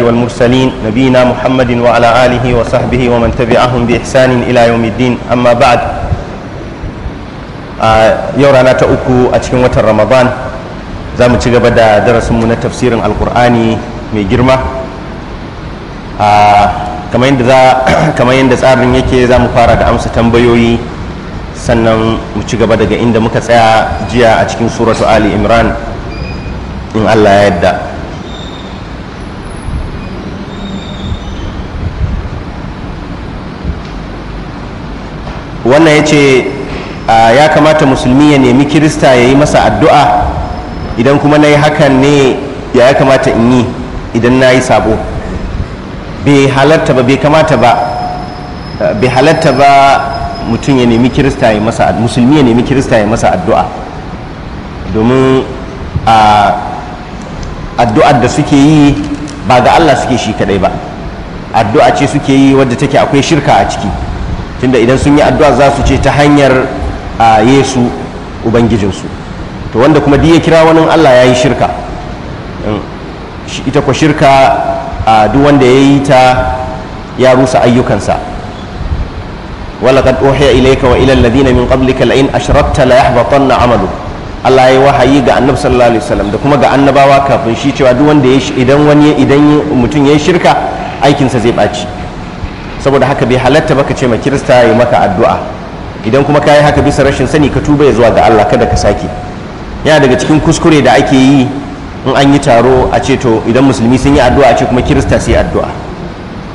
والمرسلين نبينا محمد وعلى آله وصحبه ومن تبعهم بإحسان إلى يوم الدين أما بعد يورانا تأكو أتكين وتر رمضان زام تغبدا درس من تفسير القرآن من جرمة kamar yadda za kamar yadda tsarin yake za mu fara da amsa tambayoyi sannan mu ci gaba daga inda muka tsaya jiya a cikin suratu ali imran in allah ya yadda wannan ya ce ya kamata musulmi ya nemi kirista ya yi masa addu'a idan kuma na yi hakan ne ya ya kamata in yi idan na yi sabo bai halatta ba bai kamata ba bai halatta ba mutum ya nemi kirista ya masa musulmi ya nemi kirista ya masa addu'a domin addu'ar da suke yi ba ga Allah suke shi kadai ba addu'a ce suke yi wadda take akwai shirka a ciki tunda idan sun yi addu'a za su ce ta hanyar a yesu ubangijinsu to wanda kuma duk ya kira wani allah ya yi shirka mm. ita kwa shirka a duk wanda ya yi ta ya rusa ayyukansa wa أوحي إليك وإلى الذين la قبلك لئن أشركت na amalu Allah ya wahayi ga annabi sallallahu alaihi wasallam da kuma ga annabawa kafin shi cewa duk wanda idan wani idan mutum ya yi shirka aikinsa zai ɓaci saboda haka bai halatta baka ce ma kirista ya maka addu'a idan kuma kayi haka bisa rashin sani ka tuba ya zuwa ga Allah kada ka sake yana daga cikin kuskure da ake yi in an yi taro a ce to idan musulmi sun yi addu'a a ce kuma kirista sai addu'a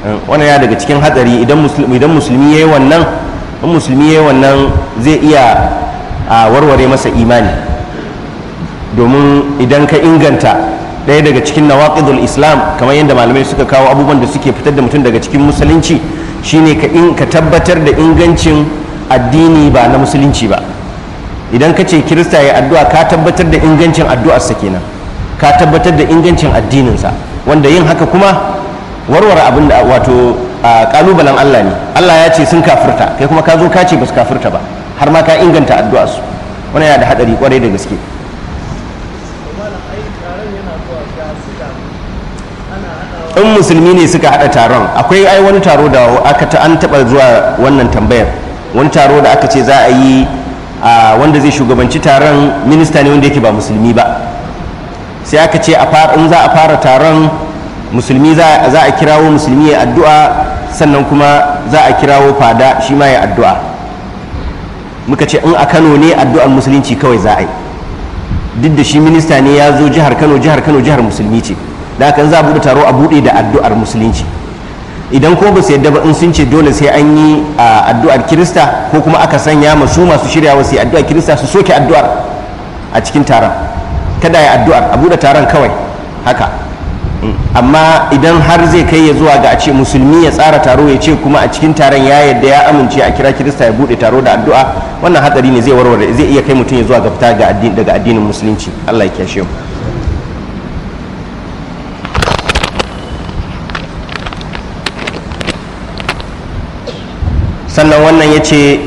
eh, wannan yana daga cikin hatsari idan musulmi musulmi yayi wannan in musulmi yayi wannan zai iya a warware masa imani domin idan ka inganta ɗaya daga cikin nawaqidul islam kamar yadda malamai suka kawo abubuwan da suke fitar da mutum daga cikin musulunci shine ka in ka tabbatar da ingancin addini ba na musulunci ba idan ka ce kirista ya addu'a ka tabbatar da ingancin addu'arsa kenan ka tabbatar da ingancin addininsa wanda yin haka kuma warware abin da wato kalubalen Allah ne Allah ya ce sun kafirta kai kuma ka zo ka ce ba su kafirta ba har ma ka inganta addu'arsu wannan yana da hadari kwarai da gaske in musulmi ne suka hada taron akwai ai wani taro da aka ta an taɓa zuwa wannan tambayar wani taro da aka ce za a yi a wanda zai shugabanci taron minista ne wanda yake ba musulmi ba sai aka ce in za a fara taron musulmi za a kirawo musulmi ya addu'a sannan kuma za a kirawo fada shi ma ya addu'a muka ce in a kano ne addu'ar musulunci kawai za a yi duk da shi minista ne ya zo jihar kano jihar kano jihar musulmi ce da kan za a buɗe taro a buɗe da addu'ar musulunci idan ko ba su yadda ba in sun ce dole sai an yi addu'ar kirista ko kuma aka sanya masu masu shirya su yi addu'ar kirista su soke addu'ar a cikin taron kada ya addu'ar a buɗe taron kawai haka amma idan har zai kai ya zuwa ga a ce musulmi ya tsara taro ya ce kuma a cikin taron ya yadda ya amince a kira kirista ya buɗe taro da addu'a wannan hatsari ne zai warware zai iya kai mutum ya zuwa ga fita daga addinin musulunci allah ya kyashe mu sannan wannan ya ce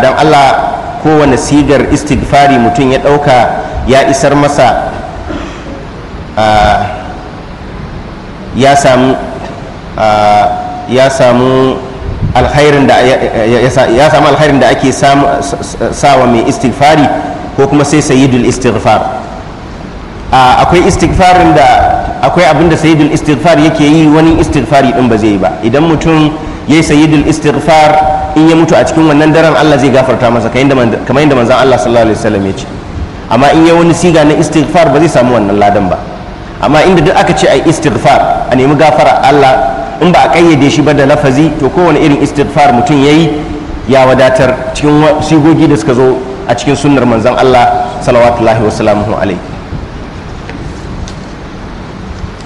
don allah kowane sigar istighfari mutum ya ɗauka ya isar masa ya samu alkhairin da ya samu ake sawa mai istighfari ko kuma sai sayidul istighfar akwai istighfarin da akwai abin da istighfar yake yi wani istighfari din ba zai yi ba idan mutum yayi sayyidul istighfar in ya mutu a cikin wannan daren Allah zai gafarta masa kamar yadda manzon Allah sallallahu alaihi wasallam ya ce amma in ya wani siga na istighfar ba zai samu wannan ladan ba amma inda duk aka ce ai istighfar a nemi gafara Allah in ba a kayyade shi ba da lafazi to kowane irin istighfar mutum yayi ya wadatar cikin sigogi da suka zo a cikin sunnar manzon Allah sallallahu wasalamuhu alaihi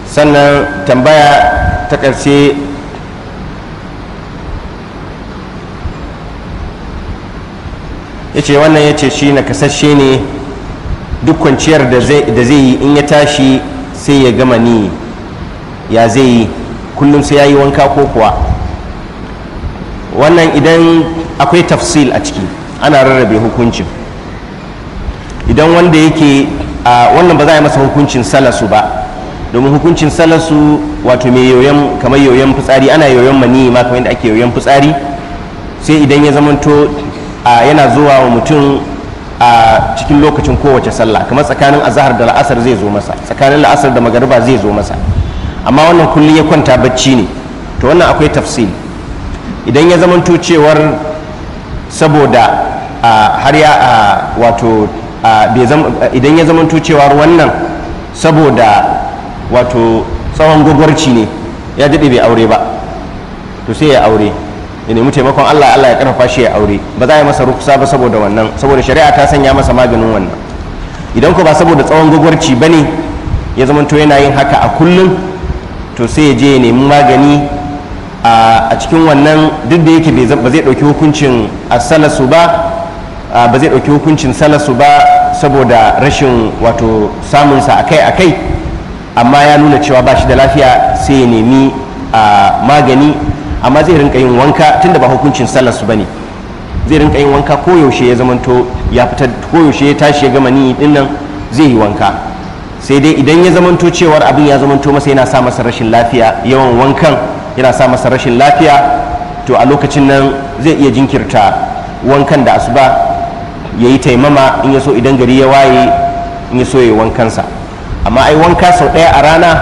sannan tambaya ta ƙarshe ya ce wannan ya ce shi na kasashe ne duk kwanciyar da zai yi in ya tashi sai ya gama ni ya zai yi kullum sai ya yi wanka ko kuwa wannan idan akwai tafsil a ciki ana rarrabe hukuncin idan wanda yake wannan ba za a yi masa hukuncin salasu ba domin hukuncin salasu wato mai yoyon kamar yoyon fitsari ana yoyon mani ma kamar yadda ake yoyon fitsari sai idan ya zamanto yana zuwa wa mutum a cikin lokacin kowace sallah kamar tsakanin azahar da la'asar zai zo masa tsakanin la'asar da magariba zai zo masa amma wannan kullum ya kwanta bacci ne to wannan akwai tafsil idan ya zama cewar saboda har ya wato idan ya cewar wannan saboda wato tsawon gwagwarci ne ya daɗe bai aure ba to sai ya aure ya nemi taimakon Allah Allah ya karfafa shi ya aure ba za a yi masa rukusa ba saboda wannan saboda shari'a ta sanya masa maganin wannan idan ko ba saboda tsawon gwagwarci ba ne ya zama to yana yin haka a kullum to sai ya je ya nemi magani a cikin wannan duk da yake ba zai ɗauki hukuncin salasu ba ba zai ɗauki hukuncin salasu ba saboda rashin wato samunsa akai-akai amma ya nuna cewa ba shi da lafiya sai ya nemi a magani amma zai rinka yin wanka tunda ba hukuncin sallar ba ne zai rinka yin wanka koyaushe ya zamanto ya fita koyaushe ya tashi ya gama ni din nan zai yi wanka sai dai idan ya zamanto cewar abin ya zamanto masa yana sa masa rashin lafiya yawan wankan yana sa masa rashin lafiya to a lokacin nan zai iya jinkirta wankan da asuba ya yi taimama in ya so idan gari ya waye in ya so ya yi wankansa amma ai wanka sau ɗaya a rana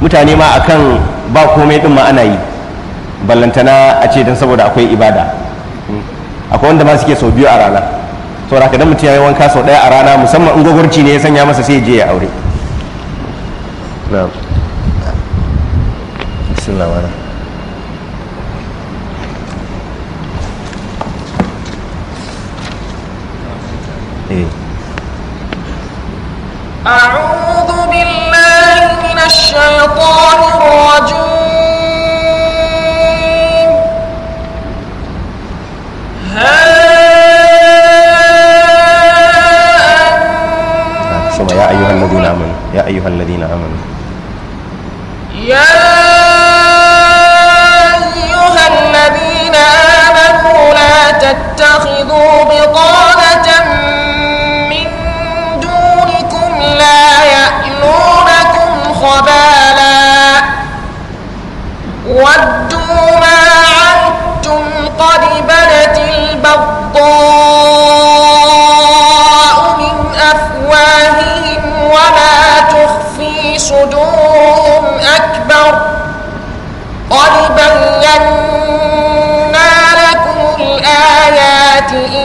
mutane ma akan ba komai ɗin ma ana yi ballantana a ce don saboda akwai ibada akwai wanda ma suke sau biyu a rana to da dan mutum ya yi wanka sau ɗaya a rana musamman in gwagwarci ne ya sanya masa sai je ya aure أعوذ بالله من الشيطان الرجيم أيها الذين آمنوا يا أيها الذين آمنوا لا تتخذوا بطانة من دونكم لا يألونكم خبالا ود صدورهم أكبر قد بينا لكم الآيات إن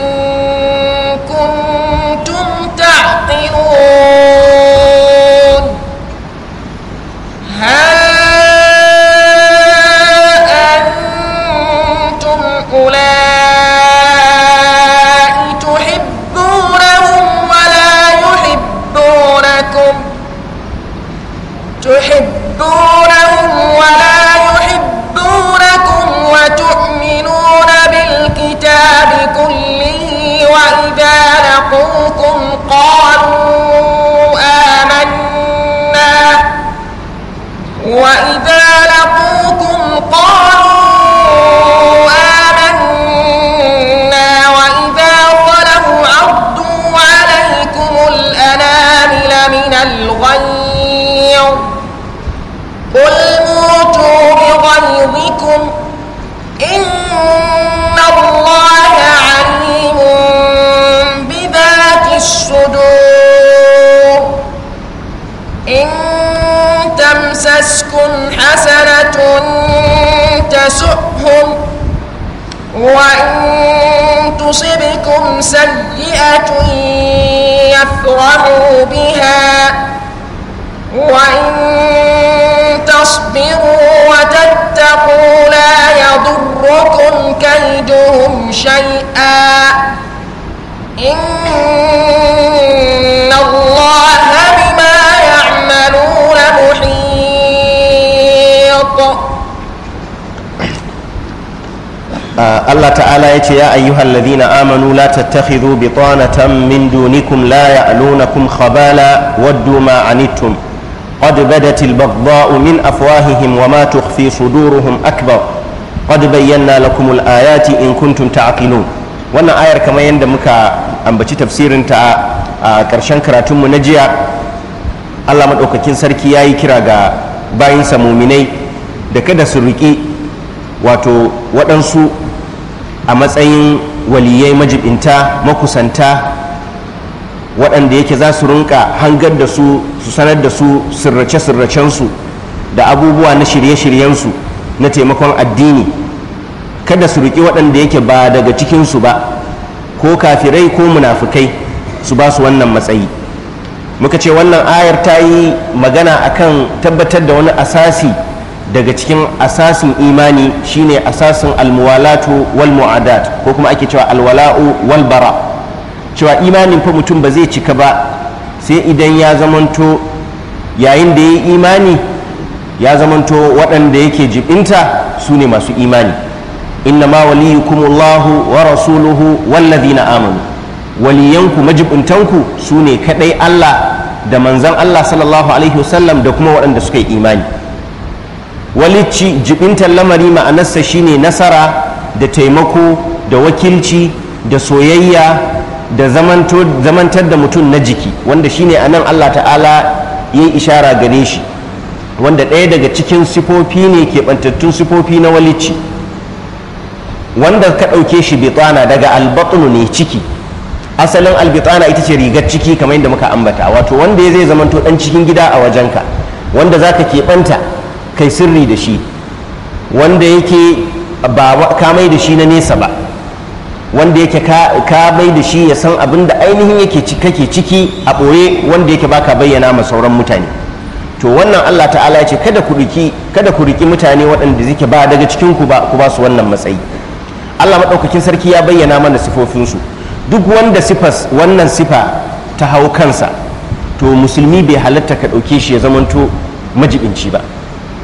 ya ce ya ayyuhal ladina amanu la tattakhidhu bitanatan min dunikum la ya'lunakum khabala waddu ma anittum قد min afwahihim wa ma وما تخفي صدورهم bayyana قد بينا لكم الآيات إن كنتم تعقلون wannan ayar kamar yadda muka ambaci tafsirin ta a karatun karatunmu na jiya Allah maɗaukakin sarki ya yi kira ga bayinsa muminai da kada su riƙe wato waɗansu a matsayin waliyai majibinta makusanta waɗanda yake za su rinka hangar da su su sanar da su sirrace-sirracensu da abubuwa na shirye-shiryensu na taimakon addini kada su riƙi waɗanda yake ba daga cikinsu ba ko kafirai ko munafukai su ba su wannan matsayi muka ce wannan ayar ta yi magana akan tabbatar da wani asasi daga cikin asasin imani shine asasin almuwalatu wal mu'adat ko kuma ake cewa alwala'u wal bara cewa imanin fa mutum ba zai cika ba sai idan ya zamanto yayin da ya yi imani ya zamanto waɗanda yake jibinta su ne masu imani inna ma waliyukumullahu wa rasuluhu wallazina amanu waliyanku majibintanku su ne kaɗai Allah da manzan Allah sallallahu alaihi wasallam da kuma waɗanda suka yi imani walici jibintar lamari ma'anarsa shine nasara da taimako da wakilci da soyayya da zamantar da mutum na jiki wanda shine a nan allah ta'ala ya yi ishara gare shi wanda ɗaya daga cikin sifofi ne keɓantattun sifofi na walici wanda ka ɗauke shi bitana daga albatunu ne ciki asalin albitana ita ce rigar ciki kamar yadda muka ambata wato wanda ya zai zamanto ɗan cikin gida a wajenka wanda za ka keɓanta kai sirri da shi wanda yake ba ka mai da shi na nesa ba wanda yake ka mai da shi ya san abin da ainihin yake kake ciki a ɓoye wanda yake baka bayyana ma sauran mutane to wannan Allah ta'ala ya ce kada ku riki kada ku riki mutane waɗanda zike ba daga cikin ku ba ku ba su wannan matsayi Allah maɗaukakin sarki ya bayyana mana sifofinsu duk wanda sifas wannan sifa ta hau kansa to musulmi bai halatta ka ɗauke shi ya zamanto majibinci ba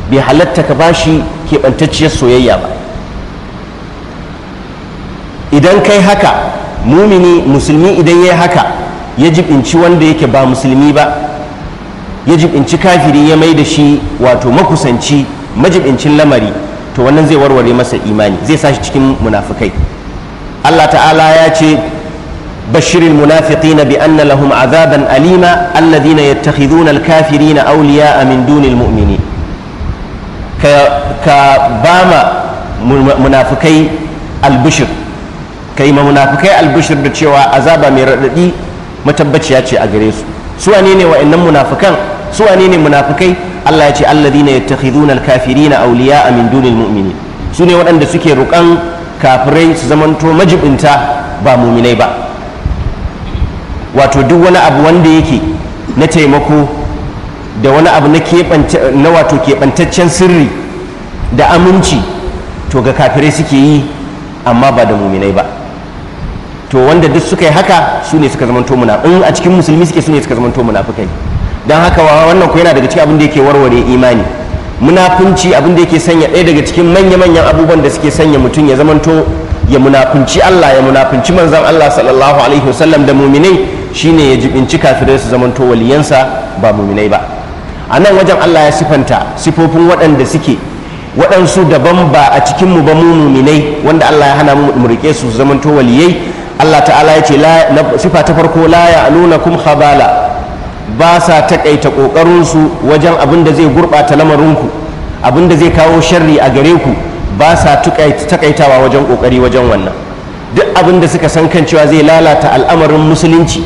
bai halatta ka shi keɓantacciyar soyayya ba idan kai haka mumini musulmi idan ya haka ya jibinci wanda yake ba musulmi ba ya jibinci kafiri ya mai da shi wato makusanci majibincin lamari to wannan zai warware masa imani zai sa shi cikin munafukai allah ta'ala ya ce بشر المنافقين بأن لهم عذابا أليما الذين يتخذون الكافرين أولياء من دون المؤمنين ka ba ma munafukai albushir ka yi ma munafukai albushir da cewa azaba mai raɗaɗi matabbaciya ce a gare su su wani ne wa'annan munafukan su wane ne munafukai Allah ya ce ya tafi yattakhidhuna na na auliya min dunin mu'mini su ne waɗanda suke rukan kafirai su zamanto majibinta ba muminai ba wato duk wani abu wanda yake na taimako da wani abu na wato keɓantaccen sirri da aminci to ga kafirai suke yi amma ba da muminai ba to wanda duk suka yi haka su ne suka zamanto muna in a cikin musulmi suke su ne suka zamanto munafukai don haka wannan ku yana daga cikin abin da yake warware imani munafunci abin da yake sanya ɗaya daga cikin manya-manyan abubuwan da suke sanya mutum ya zamanto ya munafunci Allah ya munafunci manzan Allah sallallahu alaihi wasallam da muminai shine ya jibinci kafirai su zamanto waliyansa ba muminai ba a nan wajen Allah ya sifanta sifofin waɗanda suke waɗansu daban ba a cikinmu ba mu muminai wanda Allah ya hana mu mu rike su zamanto waliyai Allah ta'ala ya ce sifa ta farko la kuma habala ba sa takaita ƙoƙarinsu wajen abin da zai gurbata lamarinku abin da zai kawo sharri a gare ku ba sa takaitawa wajen kokari wajen wannan duk abin da suka san kan cewa zai lalata al'amarin musulunci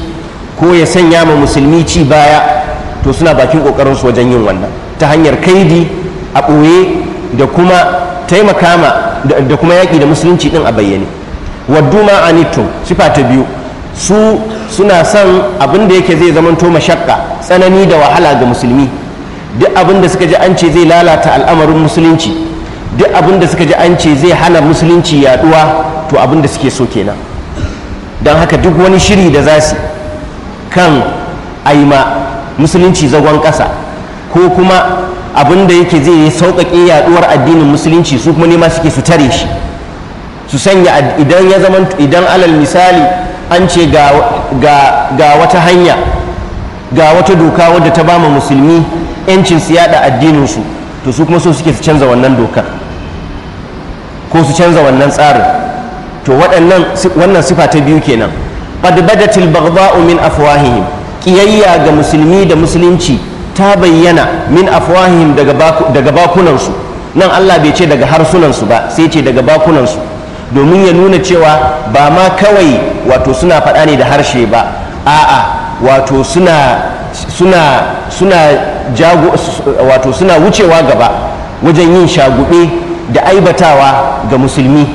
ko ya sanya ma musulmi ci baya to suna bakin kokarin su wajen yin wannan ta hanyar kaidi a ɓoye da kuma taimaka ma da kuma yaƙi da musulunci din a bayyane waddu ma sifa ta biyu su suna son abin da yake zai zamanto mashakka tsanani da wahala ga musulmi duk abin da suka ji an ce zai lalata al'amarin musulunci duk abin da suka ji an ce zai hana musulunci yaduwa to abin da suke so kenan don haka duk wani shiri da za su kan aima musulunci zagon ƙasa ko kuma abin da yake zai sauƙaƙe yaɗuwar addinin musulunci su kuma nema suke su tare shi su sanya idan ya zama idan alal misali an ce ga wata hanya ga wata doka wadda ta bama musulmi 'yancin su yaɗa addininsu to su kuma so suke su canza wannan dokar ko su canza wannan tsarin to wannan sifa ta biyu kenan qad badatil baghdha'u min afwahihim kiyayya ga musulmi da musulunci ta bayyana min afwahim daga bakunansu nan Allah bai ce daga harsunansu ba sai ce daga bakunansu domin ya nuna cewa ba ma kawai wato suna faɗa ne da harshe ba a'a wato suna suna suna jago wato suna wucewa gaba wajen yin shagube da aibatawa ga musulmi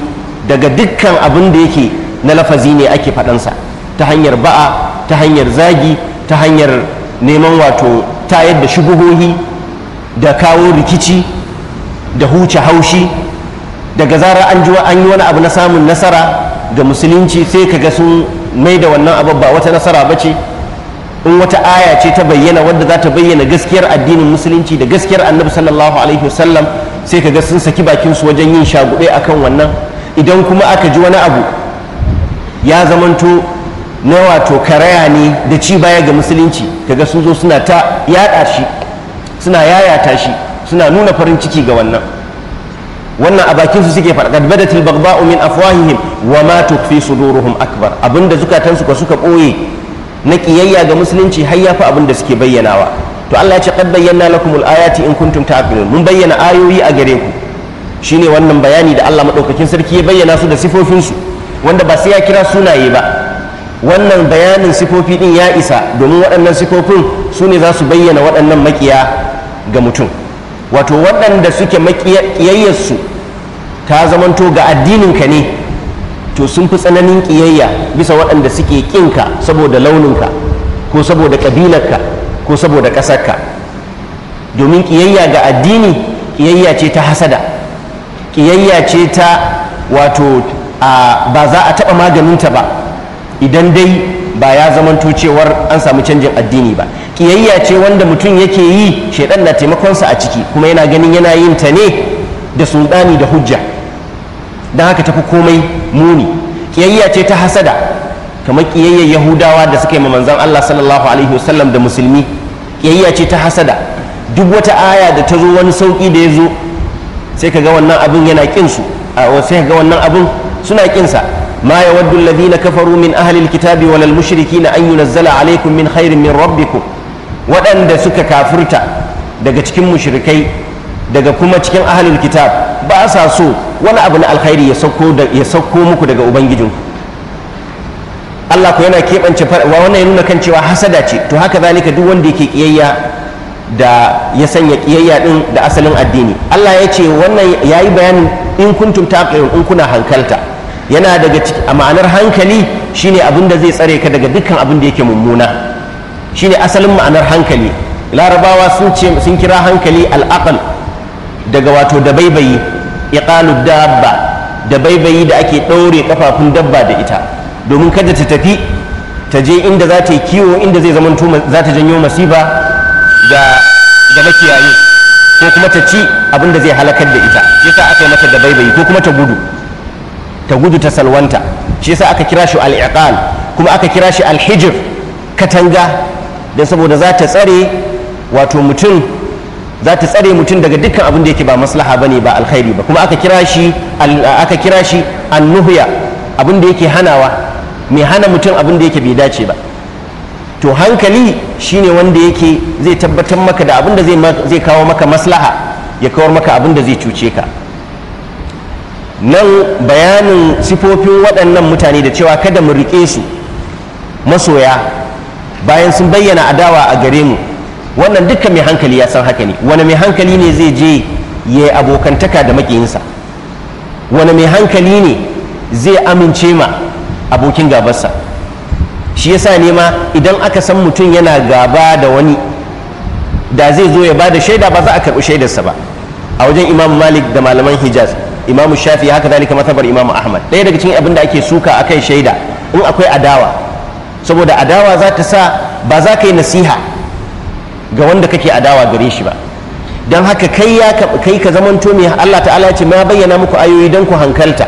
daga dukkan abin da yake na lafazi ne ake faɗansa ta hanyar ba'a ta hanyar zagi ta hanyar neman wato tayar da shubuhohi da kawo rikici da huce haushi daga zarar an an yi wani abu na samun nasara ga musulunci sai kaga sun mai da wannan abu ba wata nasara ba ce in wata aya ce ta bayyana wadda za ta bayyana gaskiyar addinin musulunci da gaskiyar annabi sallallahu alaihi wasallam sai ga sun saki bakin su wajen yin shagube akan wannan idan kuma aka ji wani abu ya zamanto na wato karaya ne da ci baya ga musulunci kaga sun zo suna ta yada shi suna yayata shi suna nuna farin ciki ga wannan wannan a bakin su suke faɗa qad badatil baghdha'u min afwahihim wa ma tukfi suduruhum akbar abinda zukatan su suka boye na kiyayya ga musulunci har ya yafi abinda suke bayyanawa to Allah ya ce qad bayyana lakumul ayati in kuntum ta'qilun mun bayyana ayoyi a gare ku shine wannan bayani da Allah madaukakin sarki ya bayyana su da sifofin su wanda ba sai ya kira sunaye ba wannan bayanin sifofi din ya isa domin waɗannan sifofin su ne za su bayyana waɗannan makiya ga mutum wato waɗanda suke makiyayyarsu ta zamanto ga addininka ne to sun fi tsananin ƙiyayya bisa waɗanda suke ƙinka saboda launinka ko saboda ƙabilarka ko saboda ƙasarka domin ƙiyayya ga addini ƙiyayya ce ta hasada ƙiyayya ce ta wato ba za a taɓa maganinta ba idan dai ba ya zamanto cewar an samu canjin addini ba kiyayya ce wanda mutum yake yi shaidan na taimakonsa a ciki kuma yana ganin yana yin ta ne da sudani da hujja don haka tafi komai muni kiyayya ce ta hasada kamar kiyayyar yahudawa da suka yi ma manzon Allah sallallahu alaihi wasallam da musulmi kiyayya ce ta hasada duk wata aya da ta zo wani sauki da ya zo sai ka ga wannan abin yana kinsu sai ka ga wannan abin suna kinsa ما يود الذين كفروا من أهل الكتاب ولا المشركين أن ينزل عليكم من خير من ربكم وأن سك كافرتا daga cikin mushrikai daga kuma cikin ahlul kitab ba sa so wani abu na alkhairi ya sauko ya muku daga ubangijinku Allah ko yana keɓance wa wannan ya nuna kan cewa hasada ce to haka zalika duk wanda yake kiyayya da ya sanya kiyayya din da asalin addini Allah ya ce wannan yayi bayanin in kuntum taqiyun in kuna hankalta yana daga a ma'anar hankali shine abin da zai tsare ka daga dukkan abin da yake mummuna shine asalin ma'anar hankali larabawa sun ce sun kira hankali al'aqal daga wato da dabaibayi iqalu dabba baibayi da ake ɗaure kafafun dabba da ita domin kada ta tafi ta je inda za ta yi kiwo inda zai zama za ta janyo masifa ga makiyayi ko kuma ta ci abin da zai halakar da ita yasa aka yi mata baibayi ko kuma ta gudu ta gudu ta salwanta shi yasa aka kira shi al-iqal kuma aka kira shi al-hijr katanga dan saboda za ta tsare wato mutum za ta tsare mutum daga dukkan abin da yake ba maslaha bane ba alkhairi ba kuma aka kira shi aka kira shi annuhya abin da yake hanawa mai hana mutum abin da yake bai dace ba to hankali shine wanda yake zai tabbatar maka da abin da zai kawo maka maslaha ya kawar maka abin da zai cuce ka nan bayanin sifofin waɗannan mutane da cewa kada mu riƙe su masoya bayan sun bayyana adawa a gare mu wannan dukkan mai hankali ya san haka ne wani mai hankali ne zai je ya abokantaka da maƙiyinsa wani mai hankali ne zai amince ma abokin gabarsa shi yasa ne ma idan aka san mutum yana gaba da wani da zai zo ya ba da shaida ba za a karɓi shaidarsa ba a wajen imam malik da malaman hijaz imam shafi haka dalika matabar imam ahmad ɗaya daga cikin abinda da ake suka akan shaida in akwai adawa saboda adawa za ta sa ba za ka yi nasiha ga wanda kake adawa gare shi ba don haka kai ya kai ka zamanto mai Allah ta'ala ya ce ma bayyana muku ayoyi don ku hankalta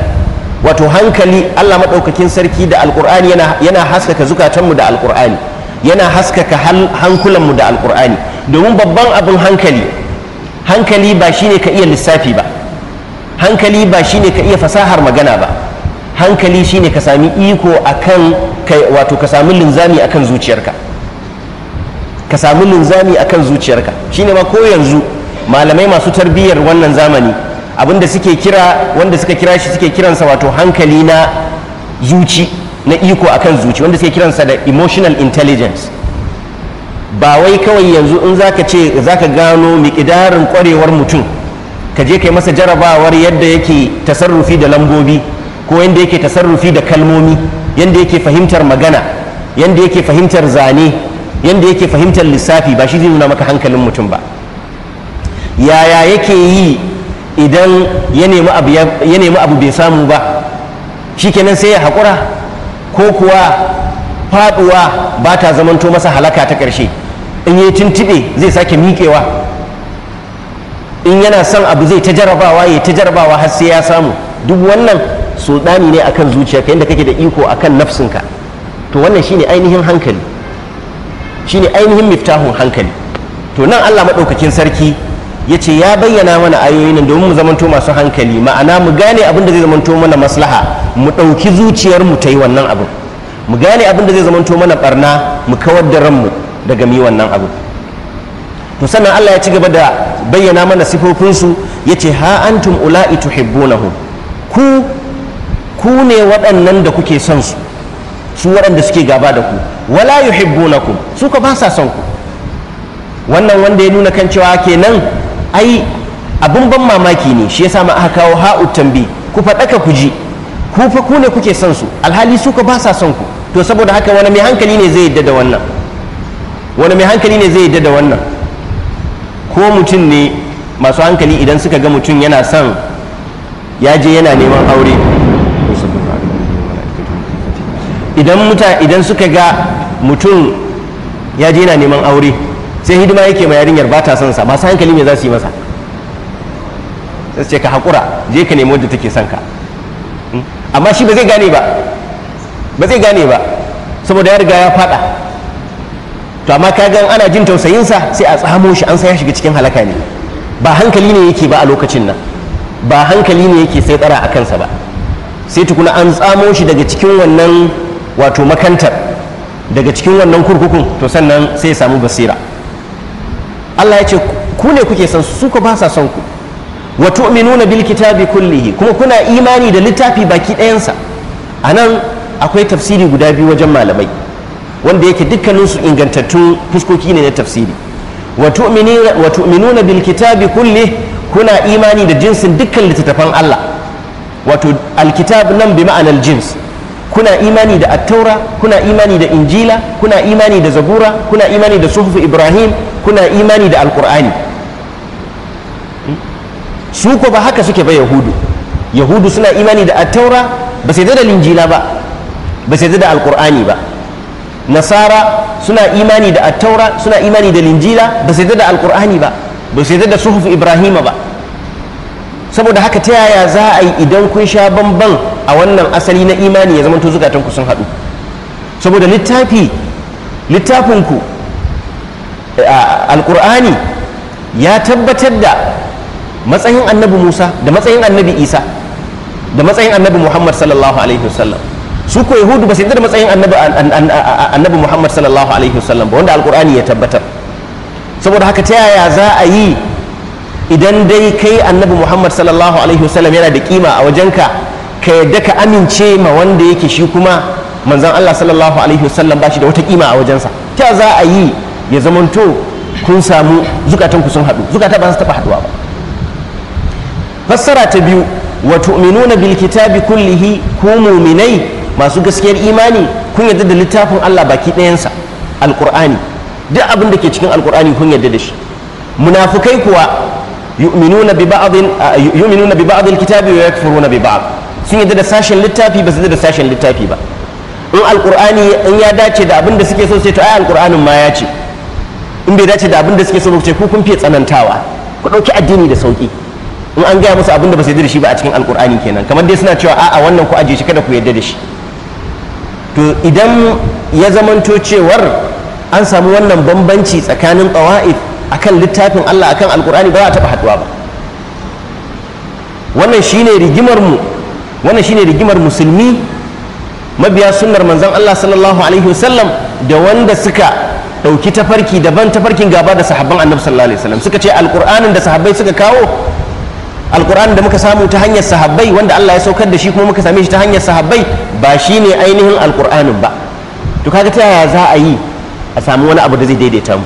wato hankali Allah maɗaukakin sarki da alkur'ani yana haskaka zukatanmu da alkur'ani yana haskaka hankulanmu da alkur'ani domin babban abin hankali hankali ba shine ka iya lissafi ba hankali ba shine ka iya fasahar magana ba hankali shine ka sami iko akan wato ka sami linzami akan zuciyarka ka sami linzami akan zuciyarka shine ma ko yanzu malamai masu tarbiyyar wannan zamani abinda suke kira wanda suka kira shi suke kiransa wato hankali na zuci na iko akan zuci wanda suke kiransa da emotional intelligence ba wai kawai yanzu in zaka ce zaka gano miƙidarin ƙwarewar mutum ka je ka kai masa jarabawar yadda yake tasarrufi da lambobi ko yadda yake tasarrufi da kalmomi yadda yake fahimtar magana yadda yake fahimtar zane yadda yake fahimtar lissafi ba shi zai nuna maka hankalin mutum ba yaya yake yi idan ya nemi abu bai samu ba shi kenan sai ya haƙura ko kuwa faɗuwa ba ta zamanto masa halaka ta ƙarshe in yi tuntuɓe zai sake miƙewa in yana son abu zai ta jarabawa ya ta jarabawa har sai ya samu duk wannan sultani ne akan zuciyarka yadda kake da iko akan nafsinka to wannan shine ainihin hankali shine ainihin miftahun hankali to nan Allah maɗaukakin sarki ya ce ya bayyana mana ayoyin nan domin mu zamanto masu hankali ma'ana mu gane abin da zai zamanto mana maslaha mu ɗauki zuciyar mu ta yi wannan abin mu gane abin da zai zamanto mana barna mu kawar da ranmu daga mi wannan abin to sannan Allah ya ci gaba da bayyana mana sifofinsu ya ce ha antum ula'i tuhibbunahum ku ku ne waɗannan da kuke son su su waɗanda suke gaba da ku wala yuhibbunakum su ka ba sa son ku wannan wanda ya nuna kan cewa kenan ai abin ban mamaki ne shi yasa ma aka kawo ha'ut tambi ku faɗaka ku ji ku fa ku ne kuke son su alhali su ka ba sa son ku to saboda haka wani mai hankali ne zai yadda da wannan wani mai hankali ne zai yadda da wannan ko mutum ne masu hankali idan suka ga mutum yana son ya je yana neman aure idan muta idan suka ga mutum ya je yana neman aure sai hidima yake ma yarinyar ba ta son sa masu hankali me za su yi masa sai ce ka haƙura je ka nemi wadda take son ka hmm? amma shi ba zai gane ba ba zai gane ba saboda ya riga ya faɗa to amma ka kaga ana jin tausayinsa sai a tsamo shi an saya shi shiga cikin halaka ne ba hankali ne yake ba a lokacin nan ba hankali ne yake sai tsara a kansa ba sai tukuna an tsamo shi daga cikin wannan wato makantar daga cikin wannan kurkukun to sannan sai ya samu basira Allah ya ce ku ne kuke san su ko ba sa son ku wa tu'minuna bil kitabi kullihi kuma kuna imani da littafi baki ɗayansa anan akwai tafsiri guda biyu wajen malamai wanda yake dukkaninsu ingantattun fuskoki ne na tafsiri wato tu'minuna bil kitabi kulli kuna imani da jinsin dukkan littattafan Allah wato alkitab nan bi ma'anar jins kuna imani da attaura kuna imani da injila kuna imani da zabura kuna imani da suhufu ibrahim kuna imani da alkur'ani su ko ba haka suke ba yahudu yahudu suna imani da attaura ba sai da linjila ba ba sai da alkur'ani ba nasara suna imani da attaura suna imani da linjila ba su da alkur'ani ba ba su da suhuf ibrahima ba saboda haka ta yaya za a yi idan kun sha bamban a wannan asali na imani ya zama zukatan ku sun haɗu saboda littafi littafinku eh, alkur'ani ya tabbatar da matsayin annabi musa da matsayin annabi isa da matsayin annabi muhammad sallallahu alaihi wasallam su ko yahudu ba su da matsayin annabi muhammad sallallahu alaihi wasallam ba wanda alkur'ani ya tabbatar saboda haka ta yaya za a yi idan dai kai annabi muhammad sallallahu alaihi wasallam yana da kima a wajenka ka yadda ka amince ma wanda yake shi kuma manzan allah sallallahu alaihi wasallam ba shi da wata kima a wajensa ta za a yi ya zamanto kun samu zukatan ku sun haɗu zukata ba su taɓa haɗuwa ba fassara ta biyu wa tu'minuna bil kitabi kullihi ku muminai masu gaskiyar imani kun yarda da littafin Allah baki ɗayansa alƙur'ani duk abin da ke cikin alƙur'ani kun yarda da shi munafukai kuwa yu'minuna bi ba'd yu'minuna bi ba'd alkitabi wa yakfuruna bi ba'd sun yarda da sashen littafi ba su yarda da sashen littafi ba in alƙur'ani in ya dace da abin da suke so sai to ai alƙur'anin ma ya ce in bai dace da abin da suke so ba ce ku kun fiye tsanantawa ku ɗauki addini da sauƙi. in an gaya musu abin da ba su yarda da shi ba a cikin alƙur'ani kenan kamar dai suna cewa a'a wannan ku ajiye shi kada ku yadda da shi to idan ya zamanto cewar an samu wannan bambanci tsakanin a kan littafin Allah a kan Alƙur'ani, ba za a taɓa haɗuwa ba wannan shi ne mu wannan shine rigimar musulmi mabiya sunnar manzan Allah sallallahu alaihi wasallam da wanda suka ɗauki tafarki daban tafarkin gaba da sahabban annabi sallallahu alaihi wasallam suka ce Alƙur'anin da sahabbai suka kawo Alƙur'anin da muka samu ta hanyar sahabbai wanda Allah ya saukar da shi kuma muka same shi ta hanyar sahabbai ba shi ne ainihin alkur'anin ba to kaga ta yaya za a yi a samu wani abu da zai daidaita mu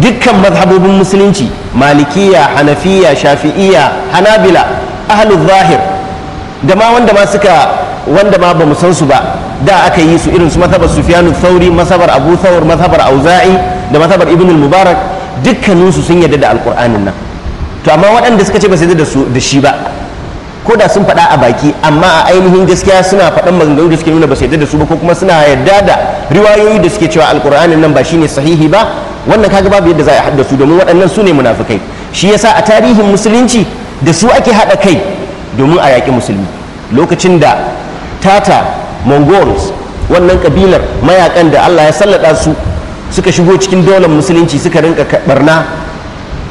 dukkan mazhabobin musulunci malikiya hanafiya shafi'iya hanabila ahlul zahir da ma wanda ma suka wanda ma bamu san su ba da aka yi su irin su mazhabar sufyanu thauri mazhabar abu thawr mazhabar auza'i da mazhabar ibn mubarak dukkaninsu sun yarda da alkur'anin nan to amma waɗanda suka ce ba su yarda da shi ba ko da sun faɗa a baki amma a ainihin gaskiya suna faɗan maganganu da suke nuna ba su yadda da su ba ko kuma suna yarda da riwayoyi da suke cewa alƙur'anin nan ba shine sahihi ba wannan kaga babu yadda za a haɗa su domin waɗannan su ne munafukai shi yasa a tarihin musulunci da su ake haɗa kai domin a yaƙi musulmi lokacin da tata mongols wannan kabilar mayakan da allah ya sallada su suka shigo cikin daular musulunci suka rinka barna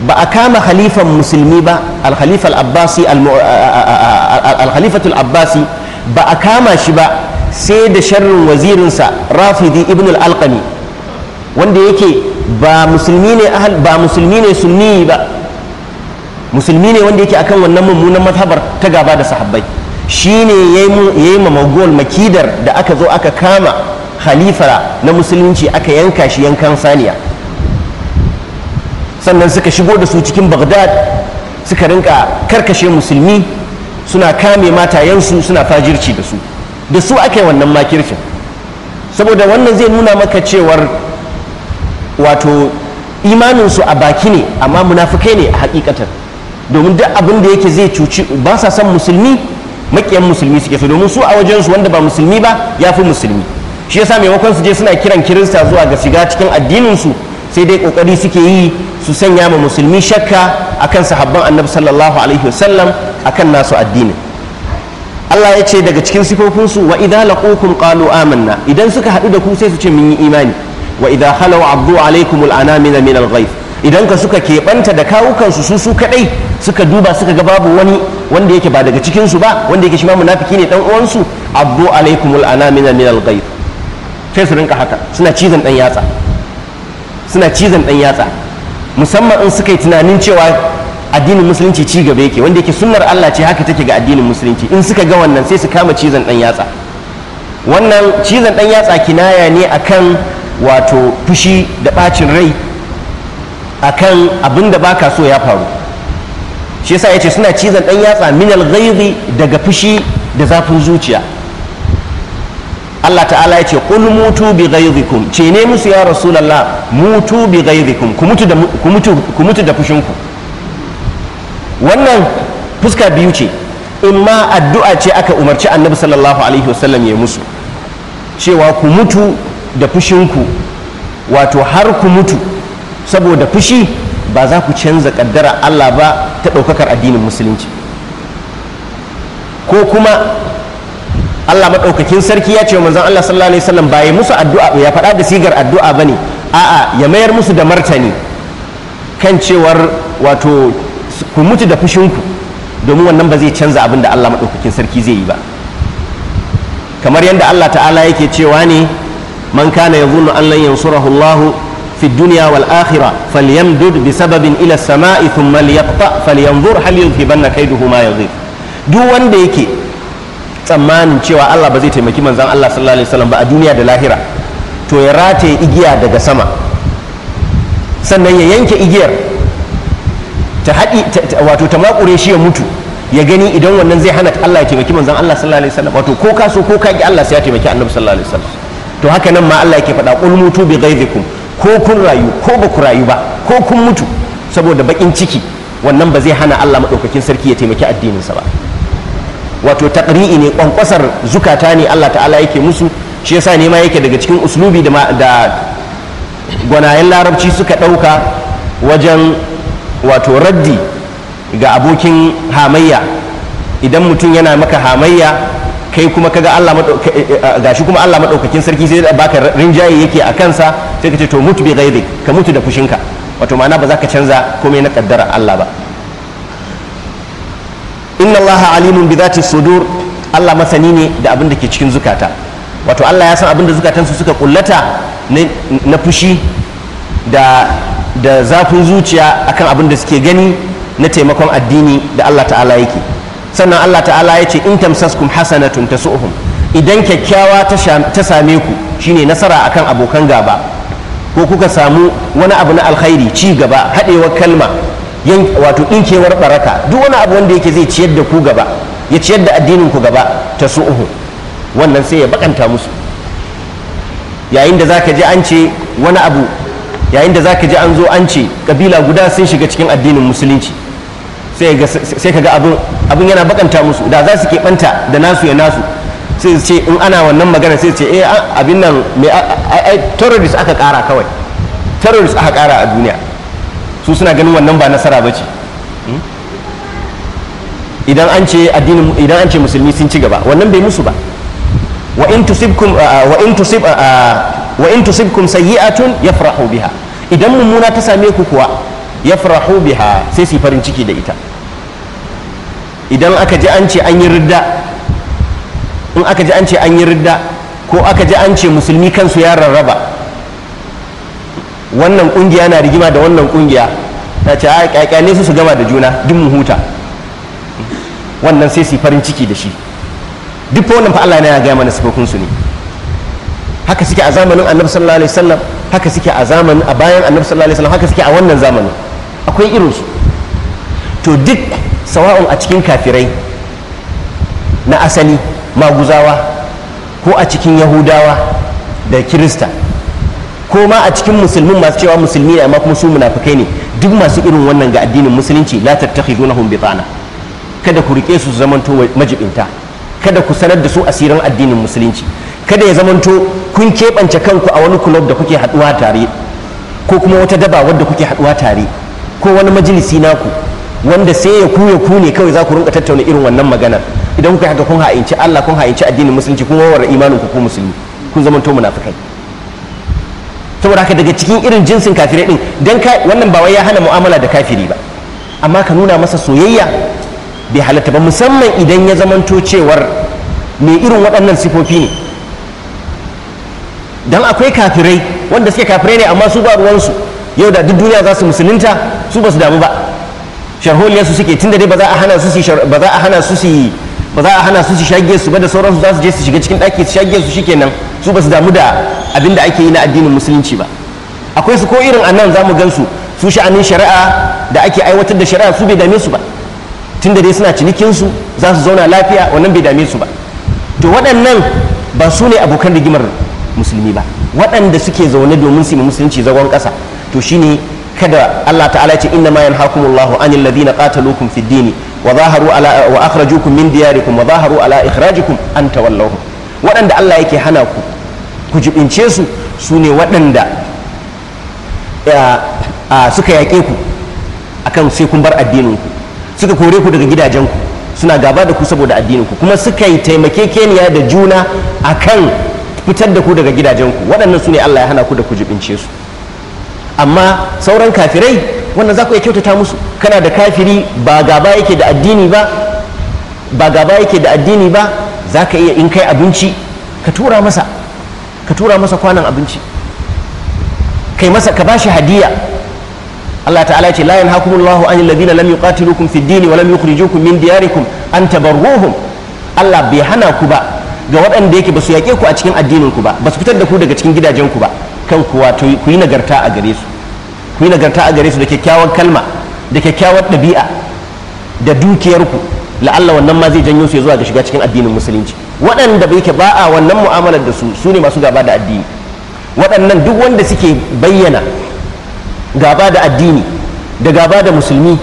ba a kama khalifan musulmi ba al abbasi ba a kama shi ba sai da sharrin wazirinsa rafidi ibn al-alqami wanda yake ba musulmi ne ba musulmi ne sunni ba musulmi ne wanda yake akan wannan mummunan mazhabar ta gaba da sahabbai shi ne yayi ma mogol makidar da aka zo aka kama khalifa na musulunci aka yanka shi yankan saniya sannan suka shigo da su cikin bagdad suka rinka karkashe musulmi suna kame matayensu suna fajirci da su da su aka yi wannan makircin saboda wannan zai nuna maka cewar wato imaninsu a baki ne amma munafukai ne a hakikatar domin duk abin da yake zai cuci ba sa son musulmi makiyan musulmi suke so domin su a wajensu wanda ba musulmi ba ya fi musulmi shi yasa maimakon su je suna kiran kirista zuwa ga shiga cikin addininsu sai dai kokari suke yi su sanya ma musulmi shakka akan sahabban annabi sallallahu alaihi wasallam akan nasu addini Allah ya ce daga cikin sifofinsu wa idza laqukum qalu amanna idan suka haɗu da ku sai su ce mun yi imani wa idza khalaw abdu alaikum anamina min ghaif. idan ka suka keɓanta da kawukansu su su kadai suka duba suka ga babu wani wanda yake ba daga cikin su ba wanda yake shi ma munafiki ne dan uwansu abdu alaikum anamina min ghaif. sai su rinka haka suna cizon dan yatsa suna cizon ɗan yatsa musamman in suka yi tunanin cewa addinin musulunci ci gaba yake wanda yake sunnar Allah ce haka take ga addinin musulunci in suka ga wannan sai su kama cizon ɗan yatsa wannan cizon ɗan yatsa kinaya ne akan wato fushi da ɓacin rai akan abin da baka so ya faru shi yasa yace suna cizon ɗan yatsa minal ghaizi daga fushi da zafin zuciya Allah ta'ala ya ce kul mutu bi ghayzikum ce ne musu ya rasulullah mutu bi ghayzikum ku mutu da ku mutu ku mutu da fushinku wannan fuska biyu ce in ma addu'a ce aka umarci annabi sallallahu alaihi wasallam ya musu cewa ku mutu da fushinku wato har ku mutu saboda fushi ba za ku canza kaddara Allah ba ta ɗaukakar addinin musulunci ko kuma Allah maɗaukakin sarki ya ce manzon Allah sallallahu alaihi wasallam ba ya musu addu'a ya faɗa da sigar addu'a bane a'a ya mayar musu da martani kan cewar wato ku mutu da fushinku domin wannan ba zai canza abin da Allah maɗaukakin sarki zai yi ba kamar yadda Allah ta'ala yake cewa ne man kana yazunnu an lan yansurahu Allah fi dunya wal akhirah falyamdud bi sababin ila as-sama'i thumma liyaqta falyanzur hal yudhibanna kayduhu ma yudhib duk wanda yake tsammanin cewa Allah ba zai taimaki manzan Allah sallallahu alaihi wasallam ba a duniya da lahira to ya rataye igiya daga sama sannan ya yanke igiyar ta haɗi wato ta makure shi ya mutu ya gani idan wannan zai hana Allah ya taimaki manzan Allah sallallahu alaihi wasallam wato ko ka so ko ka ki Allah sai ya taimaki annabi sallallahu alaihi wasallam to haka nan ma Allah yake faɗa qul mutu bi ghaizikum ko kun rayu ko ba ku rayu ba ko kun mutu saboda bakin ciki wannan ba zai hana Allah madaukakin sarki ya taimaki addininsa ba wato taqri'i ne kwankwasar zukata ne Allah ta'ala yake musu shi yasa ne ma yake daga cikin uslubi da gwanayen larabci suka ɗauka wajen wato raddi ga abokin hamayya idan mutum yana maka hamayya kai kuma kaga Allah eh, eh, eh, shi kuma Allah madaukakin sarki sai baka rinjaye yake a kansa sai ka ce to mutu bi ghairi ka mutu da fushinka wato ma'ana ba za ka canza komai na kaddara Allah ba inna Allah alimun bi zati sudur Allah masani ne da abin da ke cikin zukata wato Allah ya san abin da zukatansu suka kullata na fushi da da zafin zuciya akan abin da suke gani na taimakon addini da Allah ta'ala yake sannan Allah ta'ala ya ce in tamsaskum hasanatun tasuhum idan kyakkyawa ta same ku shine nasara akan abokan gaba ko kuka samu wani abu na alkhairi ci gaba haɗewar kalma wato ɗinkewar baraka duk wani abu wanda yake zai ciyar da ku gaba ya ciyar da addinin ku gaba ta su'uhu wannan sai ya bakanta musu yayin da zaka ji an ce wani abu yayin da zaka ji an zo an ce kabila guda sun shiga cikin addinin musulunci sai ka ga abin yana bakanta musu da za su keɓanta da nasu ya nasu sai su ce in ana wannan magana sai su ce eh abin nan terrorist aka kara kawai terrorist aka kara a duniya su suna ganin wannan ba nasara ba ce hmm? idan an ce idan an ce musulmi sun ci gaba wannan bai musu ba wa in tusibkum uh, uh, wa in tusib uh, wa in tusibkum yafrahu biha idan mummuna ta same ku kuwa yafrahu biha sai su farin ciki da ita idan aka ji an ce an yi ridda in aka ji an ce an yi ridda ko aka ji an ce musulmi kansu ya rarraba wannan kungiya na rigima da wannan kungiya ta ce a ne su su gama da juna duk mu huta wannan sai su farin ciki da shi duk wannan fa Allah ne ya gaya mana sifofin su ne haka suke a zamanin Annabi sallallahu alaihi wasallam haka suke a zamanin a bayan Annabi sallallahu alaihi wasallam haka suke a wannan zamanin akwai irin su to duk sawa'un a cikin kafirai na asali maguzawa ko a cikin yahudawa da kirista ko ma a cikin musulmin masu cewa musulmi ne amma kuma su munafikai ne duk masu irin wannan ga addinin musulunci la tattakhidunahum bitana kada ku rike su zamanto majibinta kada ku sanar da su asirin addinin musulunci kada ya zamanto kun keɓance kanku a wani kulob da kuke haɗuwa tare ko kuma wata daba wadda kuke haduwa tare ko wani majalisi naku wanda sai ya ku ya ku ne kawai za ku rinka tattauna irin wannan maganar idan kuka haka kun ha'inci Allah kun ha'inci addinin musulunci kun warware imanin ku ku musulmi kun zamanto munafikai saboda haka daga cikin irin jinsin kafire din dan wannan ba wai ya hana mu'amala da kafiri ba amma ka nuna masa soyayya bai halatta ba musamman idan ya zamanto cewar me irin waɗannan sifofi ne dan akwai kafirai wanda suke kafirai ne amma su ba ruwansu yau da duk duniya za su musulunta su ba su damu ba sharholiyarsu suke tunda dai ba za a hana su ba za a hana su su ba za a hana su su shage su ba da sauransu za su je su shiga cikin ɗaki su shage su shikenan su ba su damu da abin da ake yi na addinin musulunci ba akwai su ko irin annan za mu gan su su sha'anin shari'a da ake aiwatar da shari'a su bai dame su ba tun da dai suna cinikin su za su zauna lafiya wannan bai dame su ba to waɗannan ba su ne abokan rigimar musulmi ba waɗanda suke zaune domin su yi musulunci zagon ƙasa to shine kada Allah ta'ala ce inna ma yanhakumullahu anil ladina qatalukum fid dini wa ala wa akhrajukum min diyarikum wa ala ikhrajikum an tawallahum waɗanda Allah yake hana ku ku jibince su su ne waɗanda suka yake ku akan sai kun bar addinin ku suka kore ku daga gidajen ku suna gaba da ku saboda addinin ku kuma suka yi keniya da juna akan fitar da ku daga gidajen ku waɗannan su ne Allah ya hana ku da ku jibince su amma sauran kafirai wannan za ku iya kyautata musu kana da kafiri ba gaba yake da addini ba ba gaba yake da addini ba za ka iya in kai abinci ka tura masa ka tura masa kwanan abinci kai masa ka bashi hadiya Allah ta'ala ce la yanhakumullahu anil ladina lam yuqatilukum fid dini wa lam yukhrijukum min diyarikum an tabarruhum Allah bai hana ku ba ga waɗanda yake ba su yaƙe ku a cikin addinin ku ba ba su fitar da ku daga cikin gidajen ku ba kan ku wato ku yi nagarta a gare su ku yi nagarta a gare su da kyakkyawan kalma da kyakkyawar ɗabi'a da dukiyarku la'alla wannan ma zai janyo su zuwa ga shiga cikin addinin musulunci waɗanda bai ke ba a wannan mu'amalar da su su ne masu gaba da addini waɗannan duk wanda suke bayyana gaba da addini da gaba da musulmi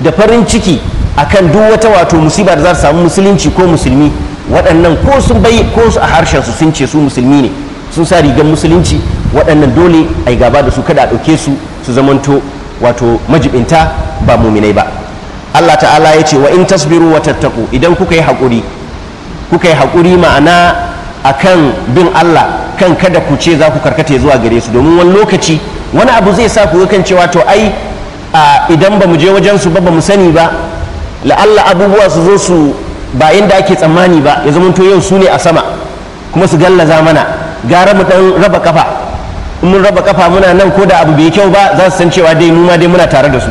da farin ciki akan duk wata wato musiba da za su samu musulunci ko musulmi waɗannan ko sun bai ko su a harshen su sun ce su musulmi ne sun sa rigar musulunci waɗannan dole a yi gaba da su kada a ɗauke su su zamanto wato majibinta ba muminai ba Allah ta'ala ya ce wa in tasbiru wa tattaku idan kuka yi haƙuri kuka yi haƙuri ma'ana akan bin Allah kan kada ku ce za ku karkata zuwa gare su domin wani lokaci wani abu zai sa ku kan cewa to ai idan ba mu je wajen su ba ba mu sani ba la'alla abubuwa su zo su ba inda ake tsammani ba ya zama to yau su ne a sama kuma su gallaza mana gara mu dan raba kafa in mun raba kafa muna nan ko da abu bai kyau ba za su san cewa dai mu ma dai muna tare da su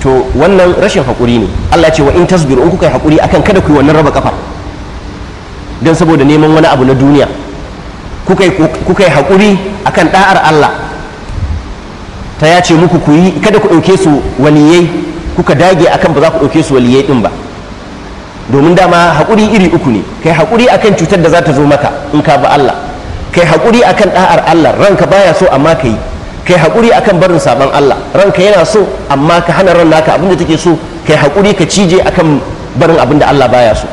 to wannan rashin hakuri ne Allah ce wa in tasbiru in kuka yi hakuri akan kada ku yi wannan raba kafa dan saboda neman wani abu na duniya kuka yi hakuri akan da'ar Allah ta ya ce muku ku yi kada ku ɗauke su waliyai kuka dage akan ba za ku ɗauke su waliyai ɗin ba domin dama hakuri iri uku ne kai hakuri akan cutar da za ta zo maka in ka ba Allah kai haƙuri akan ɗa'ar Allah ranka baya so amma ka kai haƙuri akan barin saban Allah ranka yana so amma ka hana ran naka abinda take so kai haƙuri ka cije akan barin abinda Allah baya so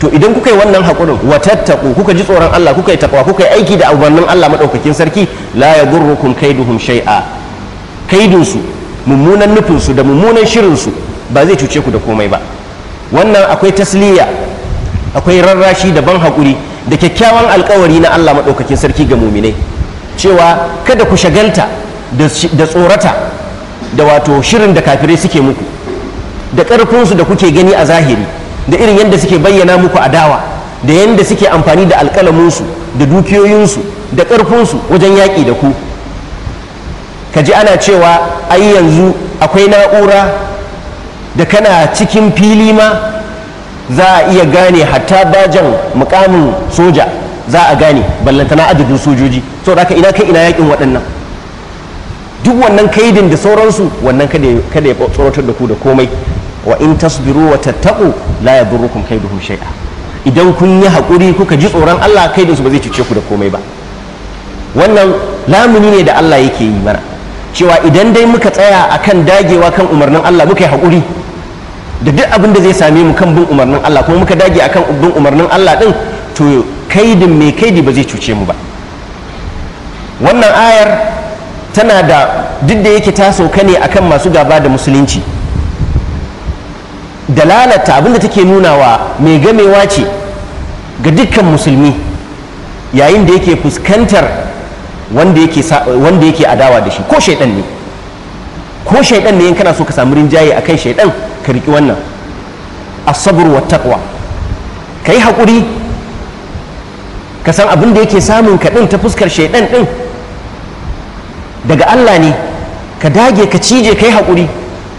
to idan kuka yi wannan haƙurin watattaku kuka ji tsoron Allah kuka yi takwa kuka yi aiki da umarnin Allah maɗaukakin sarki la ya gurrukum kaiduhum shay'a kaidinsu mummunan nufinsu da mummunan su ba zai cuce ku da komai ba wannan akwai tasliya akwai rarrashi da ban haƙuri da kyakkyawan alkawari na Allah maɗaukakin sarki ga muminai cewa kada ku shagalta da tsorata da wato shirin da kafirai suke muku da ƙarfinsu da kuke gani a zahiri da irin yadda suke bayyana muku a dawa da yadda suke amfani da alƙalaminsu da dukiyoyinsu da ƙarfinsu wajen yaƙi da ku ka ji ana cewa ai yanzu akwai na'ura da kana cikin fili ma za a iya gane hatta bajan mukamin soja za a gane ballantana adadin sojoji so da ina kai ina yakin waɗannan duk wannan kaidin da sauransu wannan kada ya tsoratar da ku da komai wa in tasbiru wa tattaku la yadurrukum kaiduhum shay'a idan kun yi hakuri kuka ji tsoron Allah kaidin su ba zai cuce ku da komai ba wannan lamuni ne da Allah yake yi mana cewa idan dai muka tsaya akan dagewa kan umarnin Allah muka yi hakuri da duk abin da zai same mu kan bin umarnin Allah kuma muka dage akan bin umarnin Allah din to kaidin mai kaidi ba zai cuce mu ba wannan ayar tana da duk da yake ta sauka ne akan masu gaba da musulunci dalalata abinda take nuna wa mai gamewa ce ga dukkan musulmi yayin da yake fuskantar wanda yake adawa da shi ko shaidan ne ko shaidan ne in kana so ka samu rinjaye akan shaidan ka riƙi wannan a wa taqwa ka yi haƙuri ka san abin da yake samun kaɗin ta fuskar shaiɗan ɗin daga allah ne ka dage ka cije ka yi haƙuri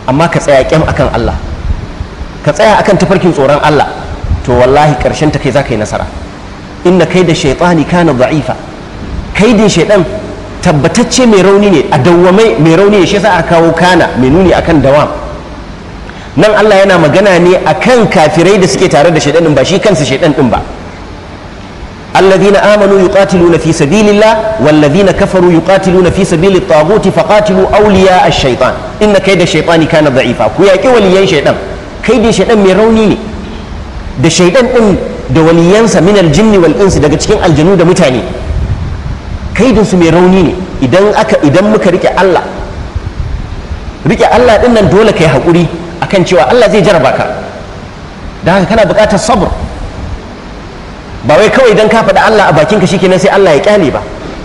amma ka tsaya ƙyan akan allah ka tsaya akan tafarkin tsoron allah to wallahi ƙarshen ta kai za ka yi nasara inna kai da shaiɗani kana kai din shaiɗan tabbatacce mai rauni ne a dawwame mai rauni ne shi za a kawo kana mai nuni akan dawam nan Allah yana magana ne a kan kafirai da suke tare da shaidan ba shi kansa shaidan ɗin ba الذين آمنوا يقاتلون في سبيل الله والذين كفروا يقاتلون في سبيل الطاغوت فقاتلوا أولياء الشيطان إن كيد الشيطان كان ضعيفا كويا كي وليان شيطان كيد الشيطان ميروني da shaidan din da waliyansa min aljinni wal insi daga cikin aljanu da mutane kaidin mai rauni ne idan muka rike Allah rike Allah ɗinnan dole kai hakuri akan cewa Allah zai jarraba ka don haka kana buƙatar sabr ba wai kawai don ka faɗi Allah a bakin bakinka shikenan sai Allah ya kyale ba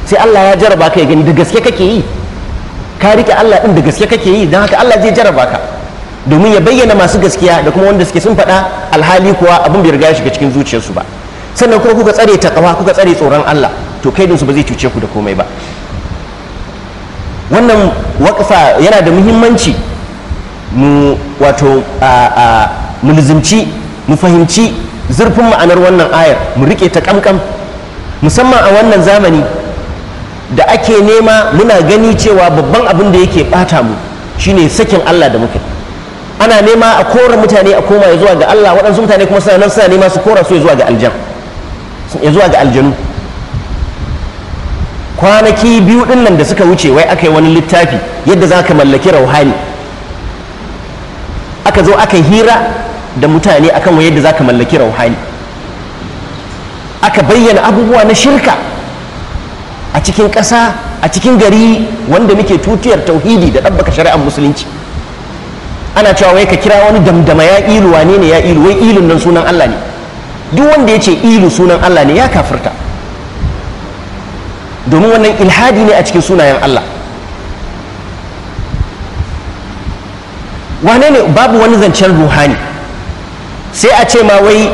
sai Allah ya jarraba ka ya gani da gaske kake yi ka rike Allah din da gaske kake yi don haka Allah zai jarraba ka domin ya bayyana masu gaskiya da kuma wanda suke sun faɗa alhali kuwa abin bai riga ya shiga cikin zuciyarsu ba sannan kuma kuka tsare takawa kuka tsare tsoron Allah to kai su ba zai cuce ku da komai ba wannan waƙafa yana da muhimmanci mu wato mu lizimci mu fahimci zurfin ma'anar wannan ayar mu rike ta kamkam musamman a wannan zamani da ake nema muna gani cewa babban abin da yake bata mu shine sakin Allah da muke ana nema a kora mutane a koma zuwa ga Allah waɗansu mutane kuma suna nan suna nema su kora su zuwa ga aljan zuwa ga aljanu kwanaki biyu ɗinnan da suka wuce wai aka yi wani littafi yadda za ka mallaki rauhani aka zo aka hira da mutane akan wa yadda ka mallaki rauhani aka bayyana abubuwa na shirka a cikin ƙasa a cikin gari wanda muke tutiyar tauhidi da ɗabbaka shari'ar musulunci ana cewa wai ka kira wani damdama ya ilu wane ne ya ilu wai ilun nan sunan Allah ne duk wanda ya ce ilu sunan Allah ne ya kafirta domin wannan ilhadi ne a cikin sunayen Allah wane ne babu wani zancen ruhani sai a ce ma wai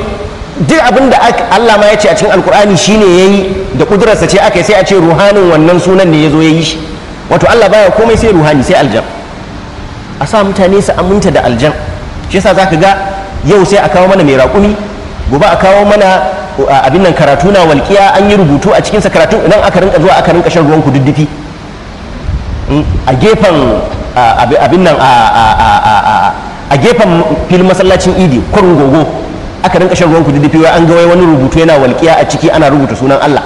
duk abin da Allah ma ya ce a cikin alkur'ani shine yi da kudurarsa ce aka yi sai a ce ruhanin wannan sunan ne ya zo ya yi shi wato Allah baya komai sai ruhani sai aljan a sa mutane su aminta da aljan shi yasa zaka ga yau sai a kawo mana mai raƙumi gobe a kawo mana abin nan karatu na walƙiya an yi rubutu a cikinsa karatu idan aka rinka zuwa aka rinka shan ruwan kududdufi hmm, a gefen abin nan a gefen filin masallacin idi kwarin gogo aka rinka shan ruwan kududdufi wai an ga wai wani rubutu yana walƙiya a ciki ana rubuta sunan Allah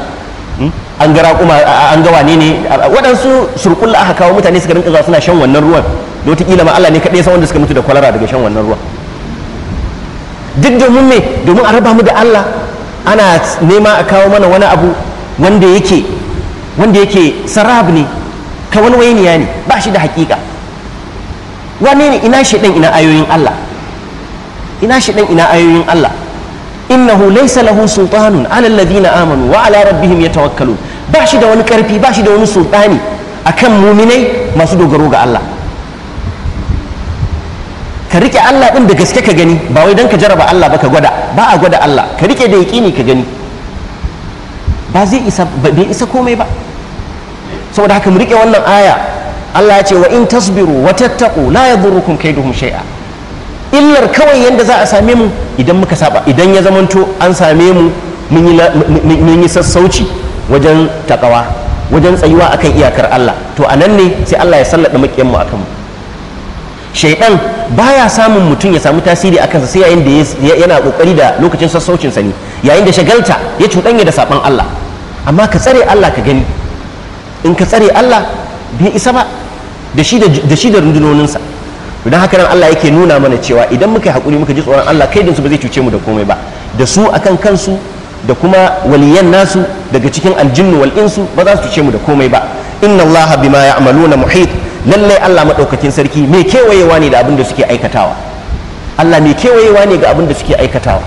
hmm? an ga raƙuma an ga wane ne waɗansu surkulla aka kawo mutane suka rinka zuwa suna shan wannan ruwan da wataƙila ma Allah ne kaɗai san wanda suka mutu da kwalara daga shan wannan ruwan duk domin me domin a raba mu da Allah ana nema a kawo mana wani abu wanda yake wanda yake sarab ne ka wani wayniya ne ba shi da haƙiƙa wane ne ina ɗan ina ayoyin Allah ina ɗan ina ayoyin Allah innahu laysa lahu sultanun ala alladhina amanu wa ala rabbihim yatawakkalun ba shi da wani karfi ba shi da wani sultani akan muminai masu dogaro ga Allah ka rike Allah din da gaske ka gani ba wai dan ka jaraba Allah ba ka gwada ba a gwada Allah ka rike da yaqini ka gani ba zai isa bai isa komai ba saboda haka mu rike wannan aya Allah ya ce wa in tasbiru wa tattaqu la yadurrukum kaiduhum shay'a illar kawai yanda za a same mu idan muka saba idan ya zamanto an same mu mun yi sassauci wajen takawa wajen tsayuwa akan iyakar Allah to a nan ne sai Allah ya sallada makiyan mu akan mu baya samun mutum ya samu tasiri akan sa sai yayin da yana kokari da lokacin sassaucin sa ne yayin da shagalta ya cuɗanya da saban Allah amma ka tsare Allah ka gani in ka tsare Allah bai isa ba da shi da rundunoninsa don haka nan Allah yake nuna mana cewa idan muka yi haƙuri muka ji tsoron Allah kai su ba zai cuce mu da komai ba da su akan kansu da kuma waliyan nasu daga cikin aljinnu wal insu ba za su cuce mu da komai ba inna Allah bima ya'maluna muhit lalle Allah madaukakin sarki mai kewayewa ne da abin da suke aikatawa Allah mai kewayewa ne ga abin da suke aikatawa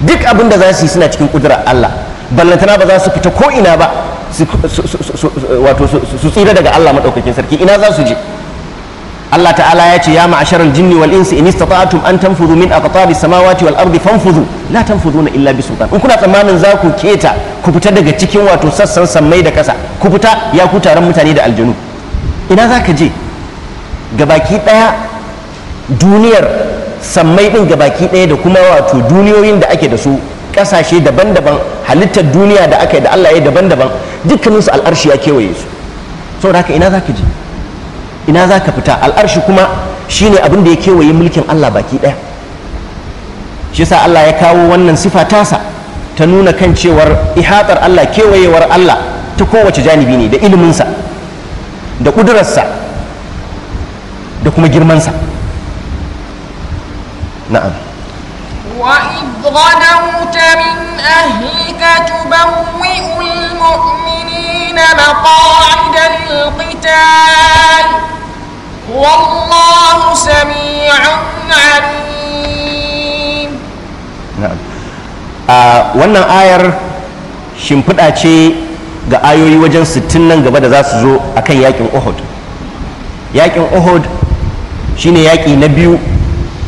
duk abin da za su yi suna cikin kudura Allah ballantana ba za su fita ko ina ba wato su tsira daga Allah maɗaukakin sarki ina za su je Allah ta'ala ya ce ya ma'ashar al-jinni wal insi in istata'tum an tanfudhu min aqtabi samawati wal ardi fanfudhu la Na illa bi sultan in kuna tsammanin za ku keta ku fita daga cikin wato sassan sammai da kasa ku fita ya ku taron mutane da aljanu ina za ka je gabaki daya duniyar sammai din gabaki daya da kuma wato duniyoyin da ake da su kasashe daban-daban halittar duniya da aka yi da Allah ya daban-daban dukkaninsu al'arshi ya kewaye su saboda haka ina za ka je ina za ka fita al'arshi kuma shine abin da ya kewaye mulkin Allah baki ɗaya shi yasa Allah ya kawo wannan sifa tasa ta nuna kan cewar ihatar Allah kewayewar Allah ta kowace janibi ne da iliminsa da ƙudurarsa da kuma girmansa na'am وإذ غدوت من أهلك تبوئ المؤمنين wannan ayar shimfiɗa ce ga ayoyi wajen sittin nan gaba da za su zo a kan Yaƙin uhud Yaƙin uhud shine yaƙi na biyu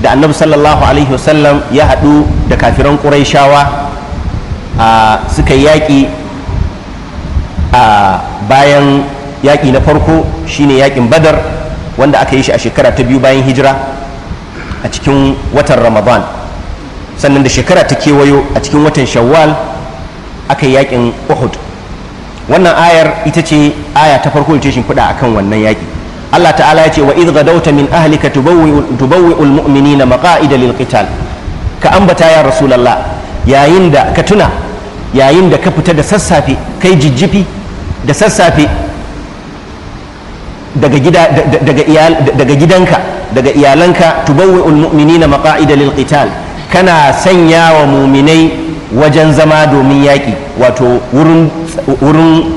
da annabi sallallahu alaihi wasallam ya haɗu da kafiran Ƙurai Shawa suka yaƙi a bayan yaƙi na farko shine yaƙin badar wanda aka yi shi a shekara ta biyu bayan hijira a cikin watan ramadan sannan da shekara ta kewayo a cikin watan shawwal aka yi yaƙin uhud wannan ayar ita ce aya ta farko ce shimfiɗa akan wannan yaƙi Allah ta'ala ya ce wa idh gadawta min ahlika tubawwi'ul mu'minina maqa'ida lil qital ka ambata ya rasulullah yayin da ka tuna yayin da ka fita da sassafe kai jijjifi da sassafe daga gida daga iyal daga gidanka daga iyalanka tubawwi'ul mu'minina maqa'ida lil qital kana sanya wa muminai wajen zama domin yaƙi wato wurin wurin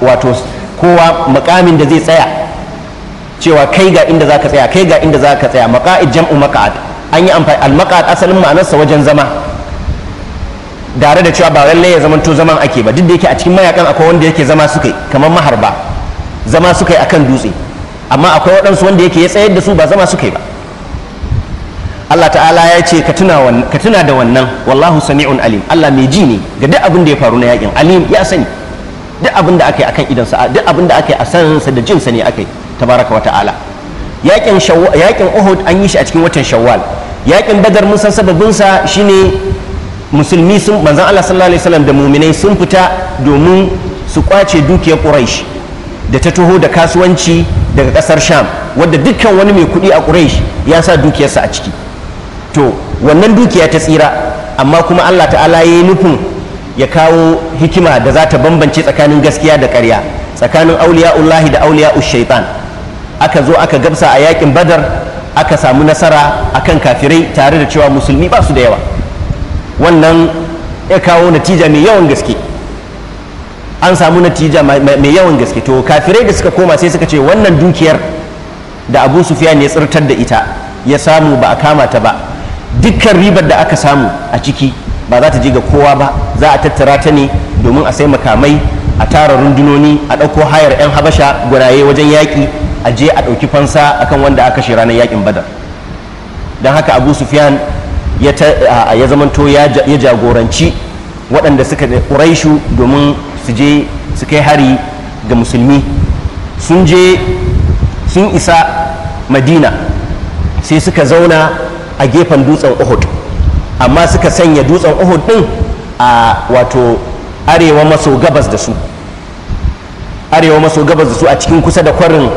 wato kowa makamin da zai tsaya cewa kai ga inda zaka tsaya kai ga inda zaka tsaya maqa'id jam'u maq'ad an yi amfani al asalin ma'anarsa wajen zama dare da cewa ba lalle ya zamanto zaman ake ba duk da yake a cikin mayakan akwai wanda yake zama suka yi kamar maharba zama suka yi akan dutse amma akwai waɗansu wanda yake ya tsayar da su ba zama suka yi ba Allah ta'ala ya ce ka tuna da wannan wallahu sami'un alim Allah mai ji ne ga duk abin da ya faru na yakin alim ya sani duk abin da aka yi akan sa'a duk abin da aka yi a sa da jinsa ne aka yi tabaraka wa ta'ala yakin yakin Uhud an yi shi a cikin watan Shawwal yakin Badar mun san sababin sa shine musulmi sun manzan Allah sallallahu alaihi wasallam da muminai sun fita domin su kwace dukiyar Quraysh da ta taho da kasuwanci daga kasar Sham wadda dukkan wani mai kuɗi a Quraysh ya sa dukiyarsa a ciki to wannan dukiya ta tsira amma kuma Allah ta'ala ya yi nufin ya kawo hikima da za ta bambance tsakanin gaskiya da ƙarya tsakanin auliya'ullahi da auliya'ush shaitan aka zo aka gamsa a yakin badar aka samu nasara akan kafirai tare da cewa musulmi ba su da yawa wannan ya kawo natija mai yawan gaske an samu natija mai yawan gaske to kafirai da suka koma sai suka ce wannan dukiyar da abu sufiya ya tsirtar da ita ya samu ba a kama ta ba dukkan ribar da aka samu a ciki ba za ta je ga kowa ba za a tattara ta ne domin a sai makamai a tara rundunoni a ɗauko hayar 'yan habasha gwanaye wajen yaƙi a je a ɗauki fansa akan wanda aka shi ranar yaƙin badar don haka abu sufiyan ya zamanto ya jagoranci waɗanda suka ƙuraishu domin su je su kai hari ga musulmi sun je sun isa madina sai suka zauna a gefen dutsen uhud amma suka sanya dutsen uhud ɗin a wato arewa maso gabas da su arewa maso gabas da su a cikin kusa da kwarin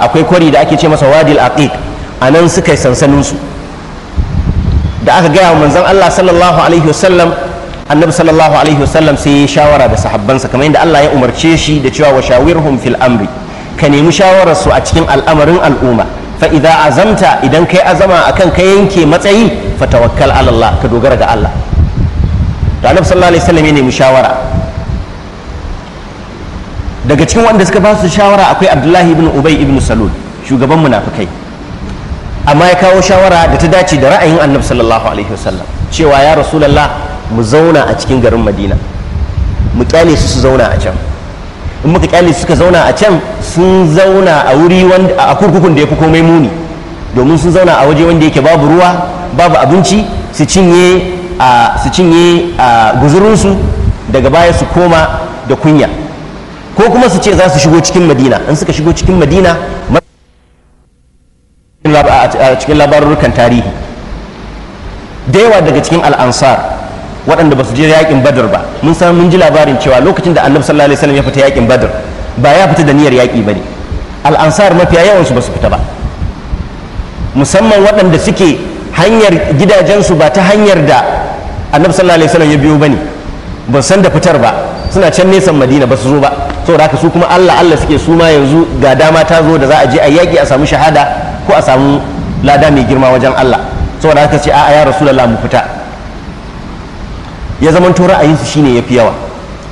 akwai kwari da ake ce masa wadil aqiq a nan suka yi sansaninsu da aka gaya wa manzon Allah sallallahu alaihi wasallam annabi sallallahu alaihi wasallam sai ya shawara da sahabbansa kamar yadda Allah ya umarce shi da cewa wa fil amri ka nemi shawarar su a cikin al'amarin al'umma fa idza azamta idan kai azama akan ka yanke matsayi fa tawakkal ala Allah ka dogara ga Allah to annabi sallallahu alaihi wasallam ya nemi shawara daga cikin wanda suka ba su shawara akwai Abdullahi ibn Ubay ibn Salul shugaban munafikai amma ya kawo shawara da ta dace da ra'ayin annabi sallallahu alaihi wasallam cewa ya rasulullah mu zauna a cikin garin madina mu kyale su su zauna a can in muka kyale suka zauna a can sun zauna a wuri wanda a kurkukun da ya fi komai muni domin sun zauna a waje wanda yake babu ruwa babu abinci su cinye a su cinye a guzurinsu daga baya su koma da kunya ko kuma su ce za su shigo cikin madina in suka shigo cikin madina a cikin labarurukan tarihi da yawa daga cikin al'ansar waɗanda ba su je yakin badar ba mun san mun ji labarin cewa lokacin da annabi sallallahu alaihi wasallam ya fita yakin badar ba ya fita da niyyar yaƙi ba ne al'ansar mafiya yawansu ba su fita ba musamman waɗanda suke hanyar gidajensu ba ta hanyar da annabi sallallahu alaihi wasallam ya biyo ba ne ba san da fitar ba suna can nesan madina ba su zo ba saboda haka su kuma allah allah suke su ma yanzu ga dama ta zo da za a je a yaƙi a samu shahada ko a samu lada mai girma wajen Allah saboda haka ce a ya rasu da mu fita ya zama to ra'ayin su shine yafi yawa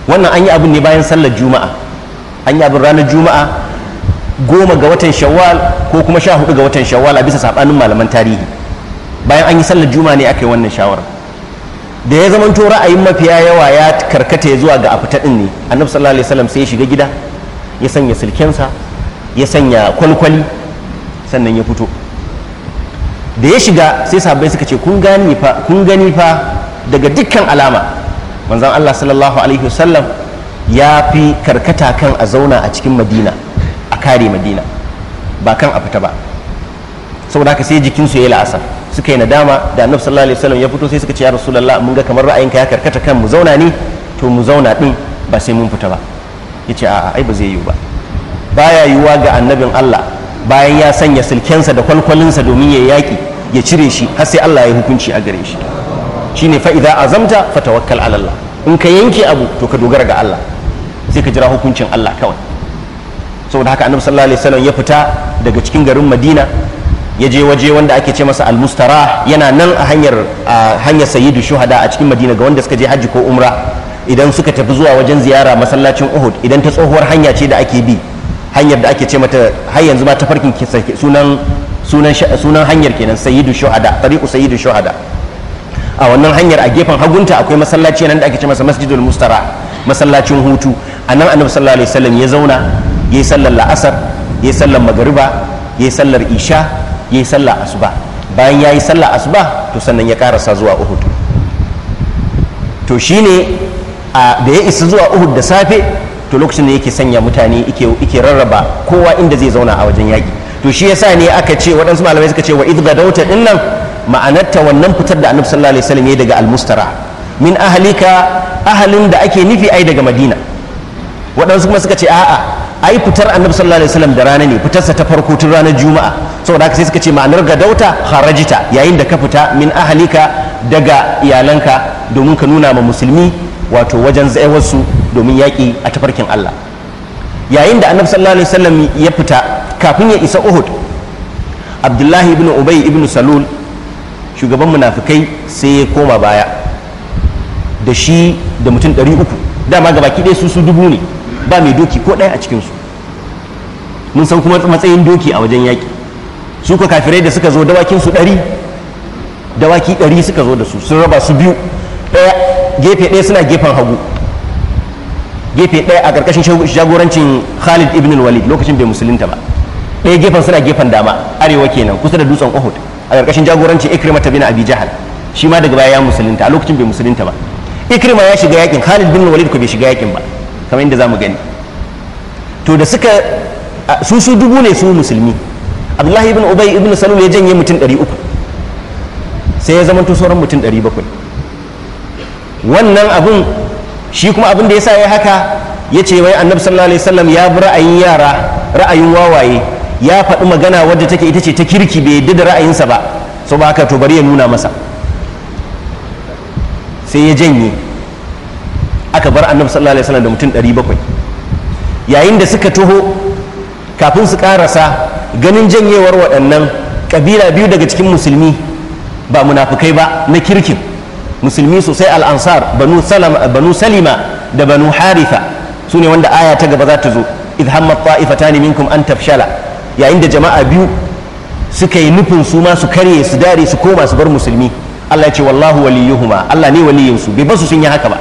wannan an yi abin ne bayan sallar juma'a an yi abin ranar juma'a goma ga watan shawwal ko kuma sha hudu ga watan shawwal a bisa sabanin malaman tarihi bayan an yi sallar juma'a ne aka yi wannan shawara da ya zamanto to ra'ayin mafiya yawa ya karkata zuwa ga a fita din ne annabi sallallahu alaihi wasallam sai ya shiga gida ya sanya silkensa ya sanya kwalkwali sannan ya fito da ya shiga sai sahabbai suka ce kun gani fa kun gani fa daga dukkan alama manzon Allah sallallahu alaihi wasallam ya fi karkata kan a zauna a cikin madina a kare madina ba kan a fita ba saboda haka sai jikinsu ya yi la'asar suka yi nadama da annabi sallallahu alaihi wasallam ya fito sai suka ce ya rasulullah mun ga kamar ra'ayinka ya karkata kan mu zauna ne to mu zauna din ba sai mun fita ba yace a'a ai ba zai yiwu ba baya yiwuwa ga annabin Allah bayan ya sanya silkensa da kwalkwalinsa domin ya yaƙi ya cire shi har sai Allah ya hukunci a gare shi shine fa idza azamta fatawakkal ala Allah in ka yanke abu to ka dogara ga Allah sai ka jira hukuncin Allah kawai saboda haka annabi sallallahu alaihi wasallam ya fita daga cikin garin Madina ya je waje wanda ake ce masa al-mustarah yana nan a hanyar a hanyar sayyidu shuhada a cikin Madina ga wanda suka je hajji ko umra idan suka tafi zuwa wajen ziyara masallacin Uhud idan ta tsohuwar hanya ce da ake bi hanyar da ake ce mata har yanzu ba ta sunan sunan hanyar kenan sayyidu shuhada tariqu sayyidu shuhada a wannan hanyar a gefen hagunta akwai masallaci nan da ake ce masa masjidul mustara masallacin hutu a nan annabi sallallahu alaihi wasallam ya zauna yayi sallar la'asar yayi sallar magariba yayi sallar isha yayi sallar asuba bayan yayi sallar asuba to sannan ya karasa zuwa uhud to shine da ya isa zuwa uhud da safe to lokacin da yake sanya mutane yake rarraba kowa inda zai zauna a wajen yaƙi to shi yasa ne aka ce waɗansu malamai suka ce wa idga dauta din nan ma'anarta wannan fitar da annabi sallallahu alaihi wasallam ya daga almustara min ahlika ahalin da ake nufi ai daga madina waɗansu kuma suka ce a'a ai fitar annabi sallallahu alaihi wasallam da rana ne fitarsa ta farko tun ranar juma'a saboda haka sai suka ce ma'anar gadauta harajita yayin da ka fita min ahalika daga iyalanka domin ka nuna ma musulmi wato wajen tsayuwarsu domin yaƙi a tafarkin Allah yayin da annabi sallallahu alaihi wasallam ya fita kafin ya isa Uhud Abdullahi ibn Ubay ibn Salul shugaban munafikai sai ya koma baya da shi da mutum 300 dama ga baki ɗaya su su dubu ne ba mai doki ko ɗaya a cikinsu mun san kuma matsayin doki a wajen yaƙi su ka kafirai da suka zo dawakinsu ɗari dawaki 100 suka zo da su sun raba su biyu ɗaya gefe ɗaya suna gefen hagu gefe ɗaya a ƙarƙashin jagorancin khalid ibn walid lokacin bai musulunta ba ɗaya gefen suna gefen dama arewa kenan kusa da dutsen uhud a ƙarƙashin jagorancin ikrima ta bin abi jahal shi ma daga baya ya musulunta a lokacin bai musulunta ba ikrima ya shiga yakin khalid ibn walid ko bai shiga yakin ba kamar inda zamu gani to da suka su su dubu ne su musulmi abdullahi ibn ubay ibn salul ya janye mutum 300 sai ya zamanto sauran mutum 700 wannan abun shi kuma abin da ya sa ya haka ya ce wai annabi sallallahu alaihi wasallam ya bi ra'ayin yara ra'ayin wawaye ya faɗi magana wadda take ita ce ta kirki bai yadda da ra'ayinsa ba so ba haka to bari ya nuna masa sai ya janye aka bar annabi sallallahu alaihi wasallam da mutum 700 yayin da suka taho kafin su karasa ganin janyewar waɗannan ƙabila biyu daga cikin musulmi ba munafukai ba na kirkin musulmi sosai al-ansar banu salima da banu harifa ne wanda aya ta gaba za ta zo idh hamma ta'ifatan minkum an tafshala yayin da jama'a biyu suka yi nufin su ma su karye su dare su koma su bar musulmi Allah ya ce wallahu waliyuhuma Allah ne waliyinsu bai basu sun yi haka ba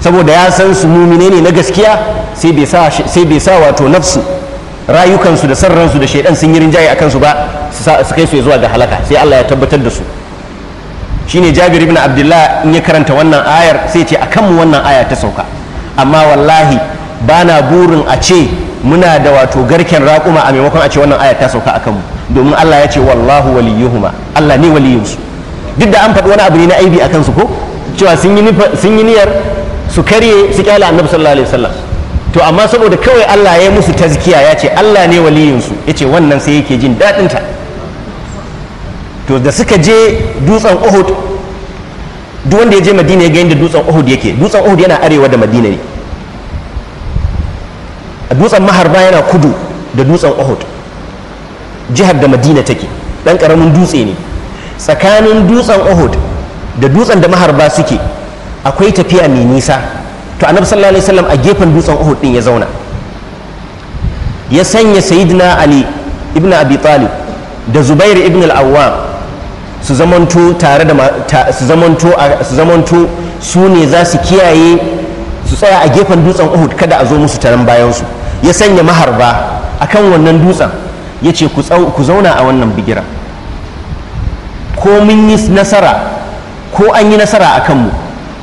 saboda ya san su mumine ne na gaskiya sai bai sa wato nafsu rayukansu da sarransu da shaidan sun yi rinjaye a kansu ba su kai su zuwa ga halaka sai Allah ya tabbatar da su shine jabir ibn abdullah in ya karanta wannan ayar sai ce a mu wannan aya ta sauka amma wallahi ba na burin a ce muna da wato garken raƙuma a maimakon a ce wannan aya ta sauka akan mu domin Allah ya ce wallahu waliyuhuma Allah ne waliyinsu duk da an faɗi wani abu ne na aibi akan su ko cewa sun yi niyyar su karye su kyale annabi sallallahu alaihi wasallam to amma saboda kawai Allah ya musu tazkiya ya ce Allah ne waliyinsu ya ce wannan sai yake jin daɗinta ta to da suka je dutsen uhud duk wanda ya je madina ya ga inda dutsen uhud yake dutsen uhud yana arewa da madina ne a dutsen maharba yana kudu da dutsen uhud jihar da madina take dan karamin dutse ne tsakanin dutsen uhud da dutsen da maharba suke akwai tafiya mai nisa to annabi sallallahu alaihi wasallam a gefen dutsen uhud din ya zauna ya sanya sayyidina ali ibn abi talib da Zubairu ibn al-awwam su zamanto tare da su zamanto su zamanto su ne za su kiyaye su tsaya a gefen dutsen Uhud kada a zo musu taron bayan su ya sanya maharba akan wannan dutsen ya ce ku zauna a wannan bigira ko mun yi nasara ko an yi nasara a kanmu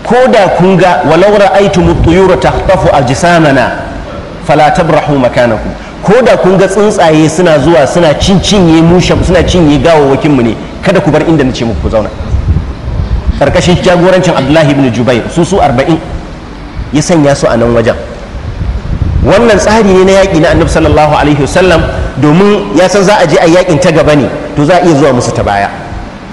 ko da kun ga walau ra'aytum mutuyura tuyura tahtafu ajsamana fala tabrahu makanakum ko da kun ga tsuntsaye suna zuwa suna cin cinye mushe suna cinye gawawakin mu ne kada ku bar inda nace muku ku zauna karkashin jagorancin Abdullahi ibn Jubair su su 40 ya sanya su a nan wajen wannan tsari ne na yaƙi na Annabi sallallahu alaihi wasallam domin ya san za a je a yaƙin ta gaba ne to za a iya zuwa musu ta baya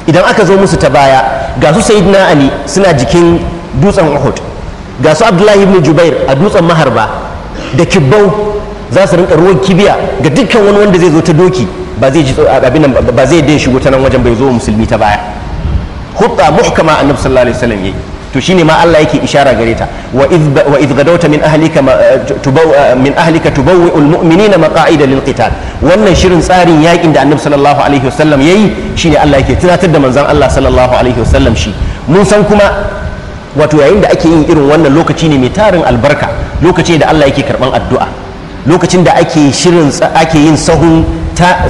idan aka zo musu ta baya ga su sayyidina Ali suna jikin dutsen Uhud ga su Abdullahi ibn Jubair a dutsen Maharba da Kibbau za su rinka ruwan kibiya ga dukkan wani wanda zai zo ta doki ba zai ji abin ba zai dai shigo ta nan wajen bai zo musulmi ta baya hutta muhkama annabi sallallahu alaihi wasallam yayi to shine ma Allah yake ishara gare ta wa idh gadawta min ahlika eh, tubaw eh, min ahlika tubawwi'u almu'minina maqa'ida lilqital wannan shirin tsarin yakin da annabi sallallahu alaihi wasallam yayi shine Allah yake tunatar da manzon Allah sallallahu alaihi wasallam shi mun san kuma wato yayin da ake yin irin wannan lokaci ne mai tarin albarka lokaci da Allah yake karban addu'a lokacin da ake shirin ake yin sahun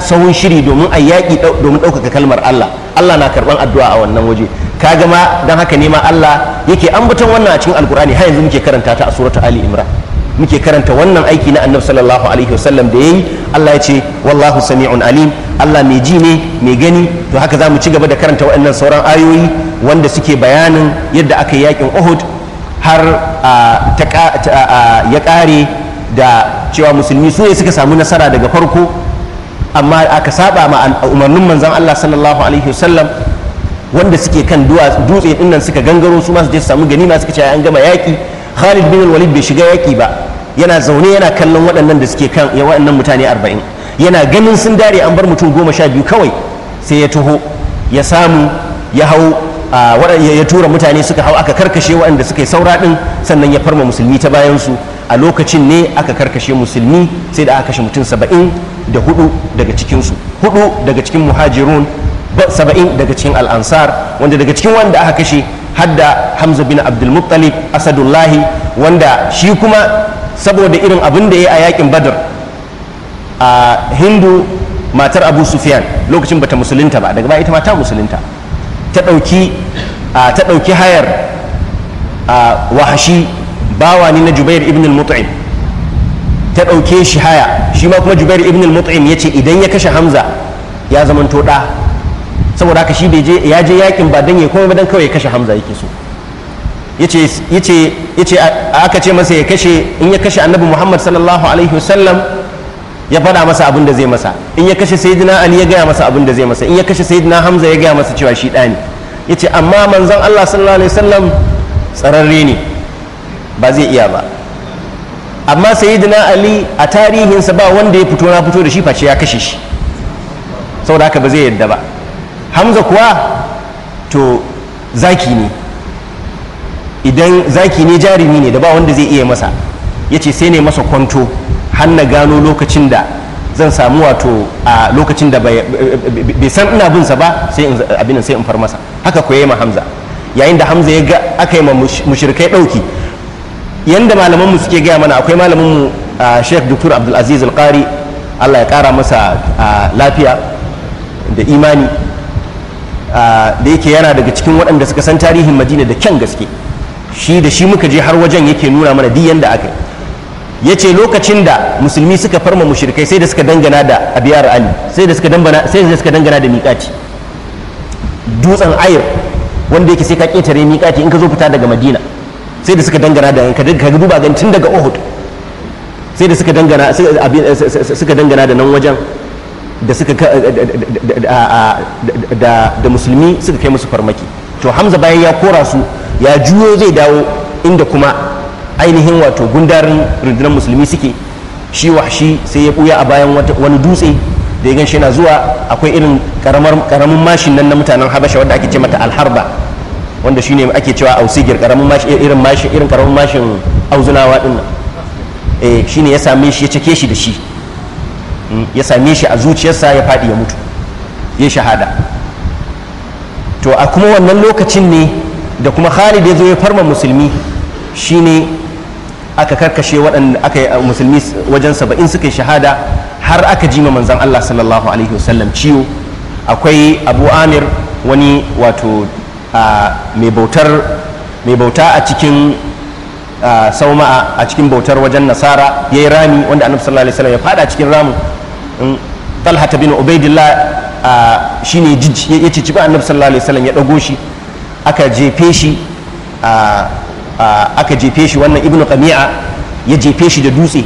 sahun shiri domin a yaƙi domin ɗaukaka kalmar Allah Allah na karban addu'a a wannan waje ka gama don haka ma Allah yake ambaton wannan a cikin alkur'ani har yanzu muke karanta ta a suratu ali imran muke karanta wannan aiki na annabi sallallahu alaihi wasallam da yayi Allah ya ce wallahu sami'un alim Allah mai ji ne mai gani to haka za mu ci gaba da karanta waɗannan sauran ayoyi wanda suke bayanin yadda aka yi yakin Uhud har ya ƙare da cewa musulmi su ne suka samu nasara daga farko amma aka saba ma umarnin manzan Allah sallallahu alaihi wasallam wanda suke kan dutse dinnan suka gangaro su ma su je su samu ganima suka ce an gama yaki Khalid bin Walid bai shiga yaki ba yana zaune yana kallon waɗannan da suke kan ya waɗannan mutane 40 yana ganin sun dare an bar mutum goma sha biyu kawai sai ya taho ya samu ya hau ya tura mutane suka hau aka karkashe waɗanda suka yi saura ɗin sannan ya farma musulmi ta bayansu a lokacin ne aka karkashe musulmi sai da aka kashe mutum saba'in da hudu daga cikinsu hudu daga cikin muhajirun saba'in daga cikin al'ansar wanda daga cikin wanda aka kashe hadda hamza bin abdulmuttalib asadullahi wanda shi kuma saboda irin abin da ya yi a yakin badar a hindu matar abu sufyan lokacin bata musulunta ba daga ba ita ma ta musulunta ta ɗauki hayar wahashi bawa ne na jubair ibn al-mut'im ta ɗauke shi haya shi ma kuma jubair ibn al-mut'im ya ce idan ya kashe hamza ya zaman toɗa saboda haka shi ya je yakin ba don ya komai ba don kawai ya kashe hamza yake so ya ce aka ce masa ya kashe in ya kashe annabi muhammad sallallahu alaihi wasallam ya faɗa masa abin da zai masa in ya kashe sayyidina ali ya gaya masa abin da zai masa in ya kashe sayyidina hamza ya gaya masa cewa shi ɗa ne ya ce amma manzon allah sallallahu alaihi wasallam tsararre ne ba zai iya ba amma sayyidina ali a tarihinsa ba wanda ya fito na fito da shi face ya kashe shi saboda haka ba zai yadda ba hamza kuwa to zaki ne idan zaki ne jarumi ne da ba wanda zai iya masa ya ce sai ne masa kwanto har na gano lokacin da zan samu wato a lokacin da bai san ina binsa ba sai abin sai in far masa haka ko yi ma Hamza yayin da Hamza ya ga aka yi ma mushrikai dauki yadda malamanmu mu suke gaya mana akwai malamin mu Sheikh Dr. abdulaziz Aziz Allah ya kara masa lafiya da imani da yake yana daga cikin waɗanda suka san tarihin Madina da kyan gaske shi da shi muka je har wajen yake nuna mana duk yanda aka yi ya ce lokacin da musulmi suka farma mushrikai sai da suka dangana da abiyar ali sai da suka dangana da miƙati dutsen ayir wanda yake sai ka ƙetare miƙati in ka zo fita daga madina sai da suka dangana da ka ga duba gan tun daga uhud sai da suka dangana suka dangana da nan wajen da suka da musulmi suka kai musu farmaki to hamza bayan ya kora su ya juyo zai dawo inda kuma ainihin wato gundarin rundunar musulmi suke shi wahshi sai ya buya a bayan wani dutse da ya ganshi yana zuwa akwai irin karamin mashin nan na mutanen habasha wanda ake ce mata alharba wanda shine ake cewa ausigir karamin mashin irin karamin mashin auzunawa din nan eh, shi ne ya same shi ya cike shi da shi hmm, ya same shi a zuciyarsa ya faɗi ya mutu ya shahada to a kuma wannan lokacin ne da kuma Khalid ya zo ya farma musulmi shine aka karkashe waɗanda aka yi uh, musulmi wajen saba'in suka yi shahada har aka jima manzan Allah sallallahu alaihi wasallam ciwo akwai abu amir wani wato uh, mai bauta a cikin uh, sauma'a a cikin bautar wajen nasara ya yi rami wanda annabi sallallahu alaihi wasallam ya fada cikin ramin talhata bin ubaidillah shi ne ya ba annabi sallallahu alaihi wasallam ya ɗago shi aka jefe shi aka jefe shi wannan ibnu qami'a ya jefe shi da dutse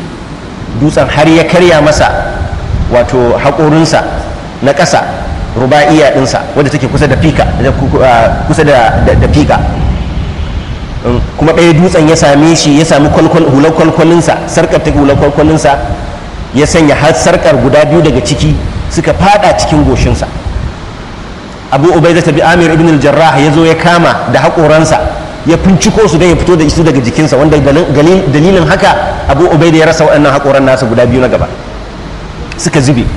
dutsen har ya karya masa wato haƙorinsa na ƙasa ruba'iya ɗinsa wadda take kusa da fika kusa da fika um, kuma ɗaya dutsen ya same shi ya sami hular kwalkwalinsa sarkar ta hular kwalkwalinsa ya sanya har sarkar guda biyu daga ciki suka fada cikin goshinsa abu ubai ta bi amir ibn al-jarrah ya zo ya kama da haƙoransa ya finciko su don ya fito da isu daga jikinsa wanda dalilin haka abu obai da ya rasa waɗannan haƙoran nasa guda biyu na gaba suka zube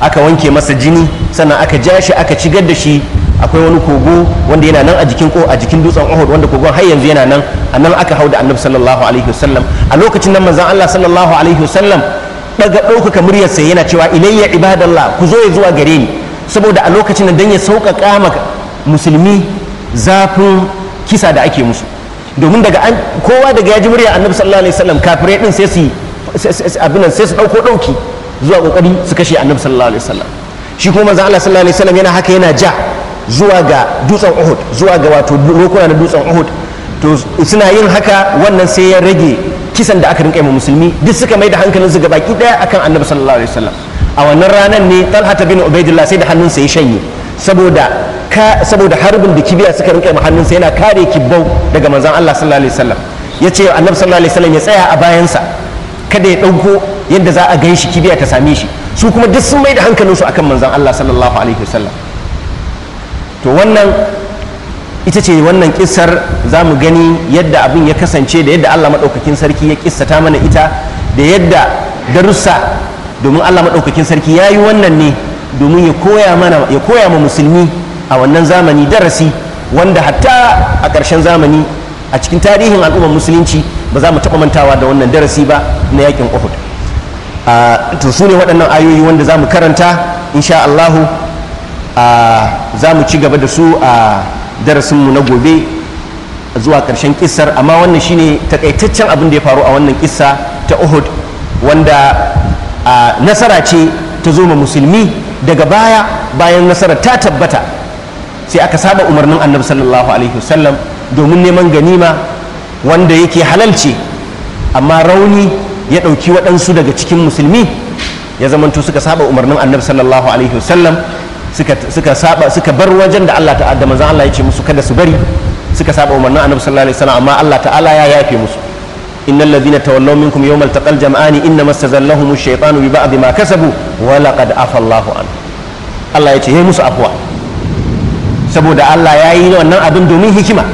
aka wanke masa jini sannan aka ja shi aka cigar da shi akwai wani kogo wanda yana nan a jikin ko a jikin dutsen Uhud wanda kogon har yanzu yana nan a nan aka hau da Annabi sallallahu alaihi wasallam a lokacin nan manzon Allah sallallahu alaihi wasallam daga ɗaukaka muryarsa yana cewa ilayya ibadallah ku zo ya zuwa gare ni saboda a lokacin nan dan ya sauƙaƙa maka musulmi zafin kisa da ake musu domin daga an kowa daga ya ji murya annabi sallallahu alaihi wasallam kafirai din sai su abin sai su dauko dauki zuwa kokari su kashe annabi sallallahu alaihi wasallam shi kuma manzo Allah sallallahu alaihi wasallam yana haka yana ja zuwa ga dutsen Uhud zuwa ga wato rokuna na dutsen Uhud to suna yin haka wannan sai ya rage kisan da aka rinka mu musulmi duk suka mai da hankalin su gabaki daya akan annabi sallallahu alaihi wasallam a wannan ranar ne Talha bin Ubaidillah sai da hannunsa ya shanye saboda saboda harbin da kibiya suka rike mu hannunsa yana kare kibbau daga manzon Allah sallallahu alaihi wasallam ya ce annabi sallallahu alaihi wasallam ya tsaya a bayansa kada ya ɗauko yadda za a gan shi kibiya ta same shi su kuma duk sun mai da hankalinsu akan manzon Allah sallallahu alaihi wasallam to wannan ita ce wannan kissar za mu gani yadda abin ya kasance da yadda Allah maɗaukakin sarki ya kissata mana ita da yadda darussa domin Allah maɗaukakin sarki ya yi wannan ne domin ya koya ma musulmi a wannan zamani darasi wanda hatta a ƙarshen zamani a cikin tarihin al'ummar musulunci ba za mu taɓa mantawa da wannan darasi ba na yakin uhud to su ne waɗannan ayoyi wanda za mu karanta insha allahu za mu ci gaba da su a darasinmu na gobe zuwa ƙarshen ƙissar. amma wannan shine takaitaccen abin da ya faru a wannan ƙissa ta uhud wanda nasara ce ta zo ma musulmi daga baya bayan nasarar ta tabbata sai aka saba umarnin annabi sallallahu alaihi wasallam domin neman ganima wanda yake halalce amma rauni ya ɗauki waɗansu daga cikin musulmi ya zamanto suka saba umarnin annabi sallallahu alaihi wasallam suka saba suka bar wajen da Allah ta'ala da manzon Allah ya ce musu kada su bari suka saba umarnin annabi sallallahu alaihi wasallam amma Allah ta'ala ya yafe musu innal ladhina tawallaw minkum yawmal taqal jam'ani innama stazallahum ash-shaytanu bi ba'd ma kasabu wa laqad afa Allahu an Allah ya ce he musu afwa saboda Allah ya yi wannan abin domin hikima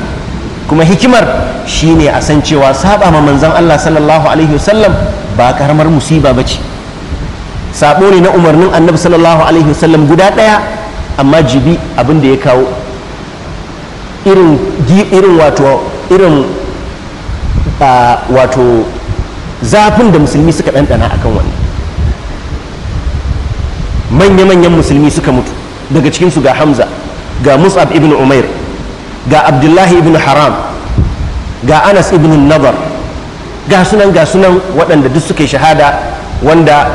kuma hikimar shine a san cewa saba ma manzon Allah sallallahu alaihi wasallam ba karamar musiba bace sabo ne na umarnin annabi sallallahu alaihi wasallam guda daya amma jibi abin da ya kawo irin irin wato irin a wato zafin da musulmi suka ɗanɗana kan wannan manya-manyan musulmi suka mutu daga cikinsu ga hamza ga mus'ab ibn umair ga abdullahi ibn haram ga anas ibn nazar ga sunan ga sunan waɗanda duk suke shahada wanda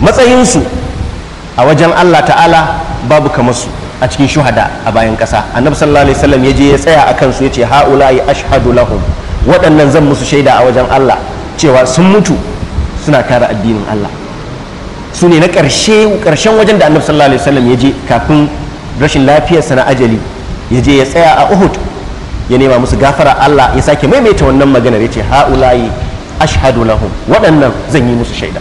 matsayinsu a wajen allah ta'ala babu kamarsu a cikin shuhada a bayan ƙasa annabi sallallahu alaihi wasallam ya je ya tsaya a kansu ya ce ha'ula ya ashhadu lahum waɗannan zan musu shaida a wajen Allah cewa sun mutu suna kare addinin Allah su ne na ƙarshe ƙarshen wajen da annabi sallallahu alaihi wasallam ya je kafin rashin lafiyarsa na ajali ya je ya tsaya a Uhud ya nema musu gafara Allah ya sake maimaita wannan maganar ya ce ha'ulayi ashhadu lahum waɗannan zan yi musu shaida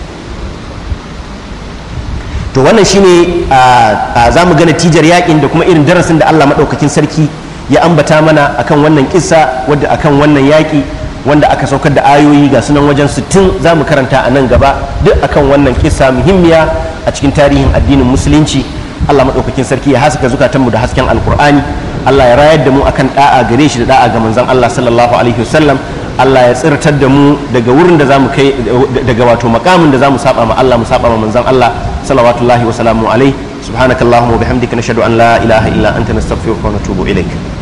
to wannan shine a za mu ga natijar yakin da kuma irin darasin da Allah madaukakin sarki ya ambata mana akan wannan kisa wadda akan wannan yaƙi wanda aka saukar da ayoyi ga sunan wajen sittin za mu karanta a nan gaba duk akan wannan kissa muhimmiya a cikin tarihin addinin musulunci Allah maɗaukakin sarki ya haska zukatanmu da hasken alkur'ani Allah ya rayar da mu akan da'a gare shi da da'a ga manzon Allah sallallahu alaihi wasallam Allah ya tsirtar da mu daga wurin da zamu kai daga wato makamin da zamu saba ma Allah mu saba ma manzon Allah sallallahu wa wasallam alaihi subhanakallahumma wa bihamdika nashhadu an la ilaha illa anta nastaghfiruka wa natubu ilaik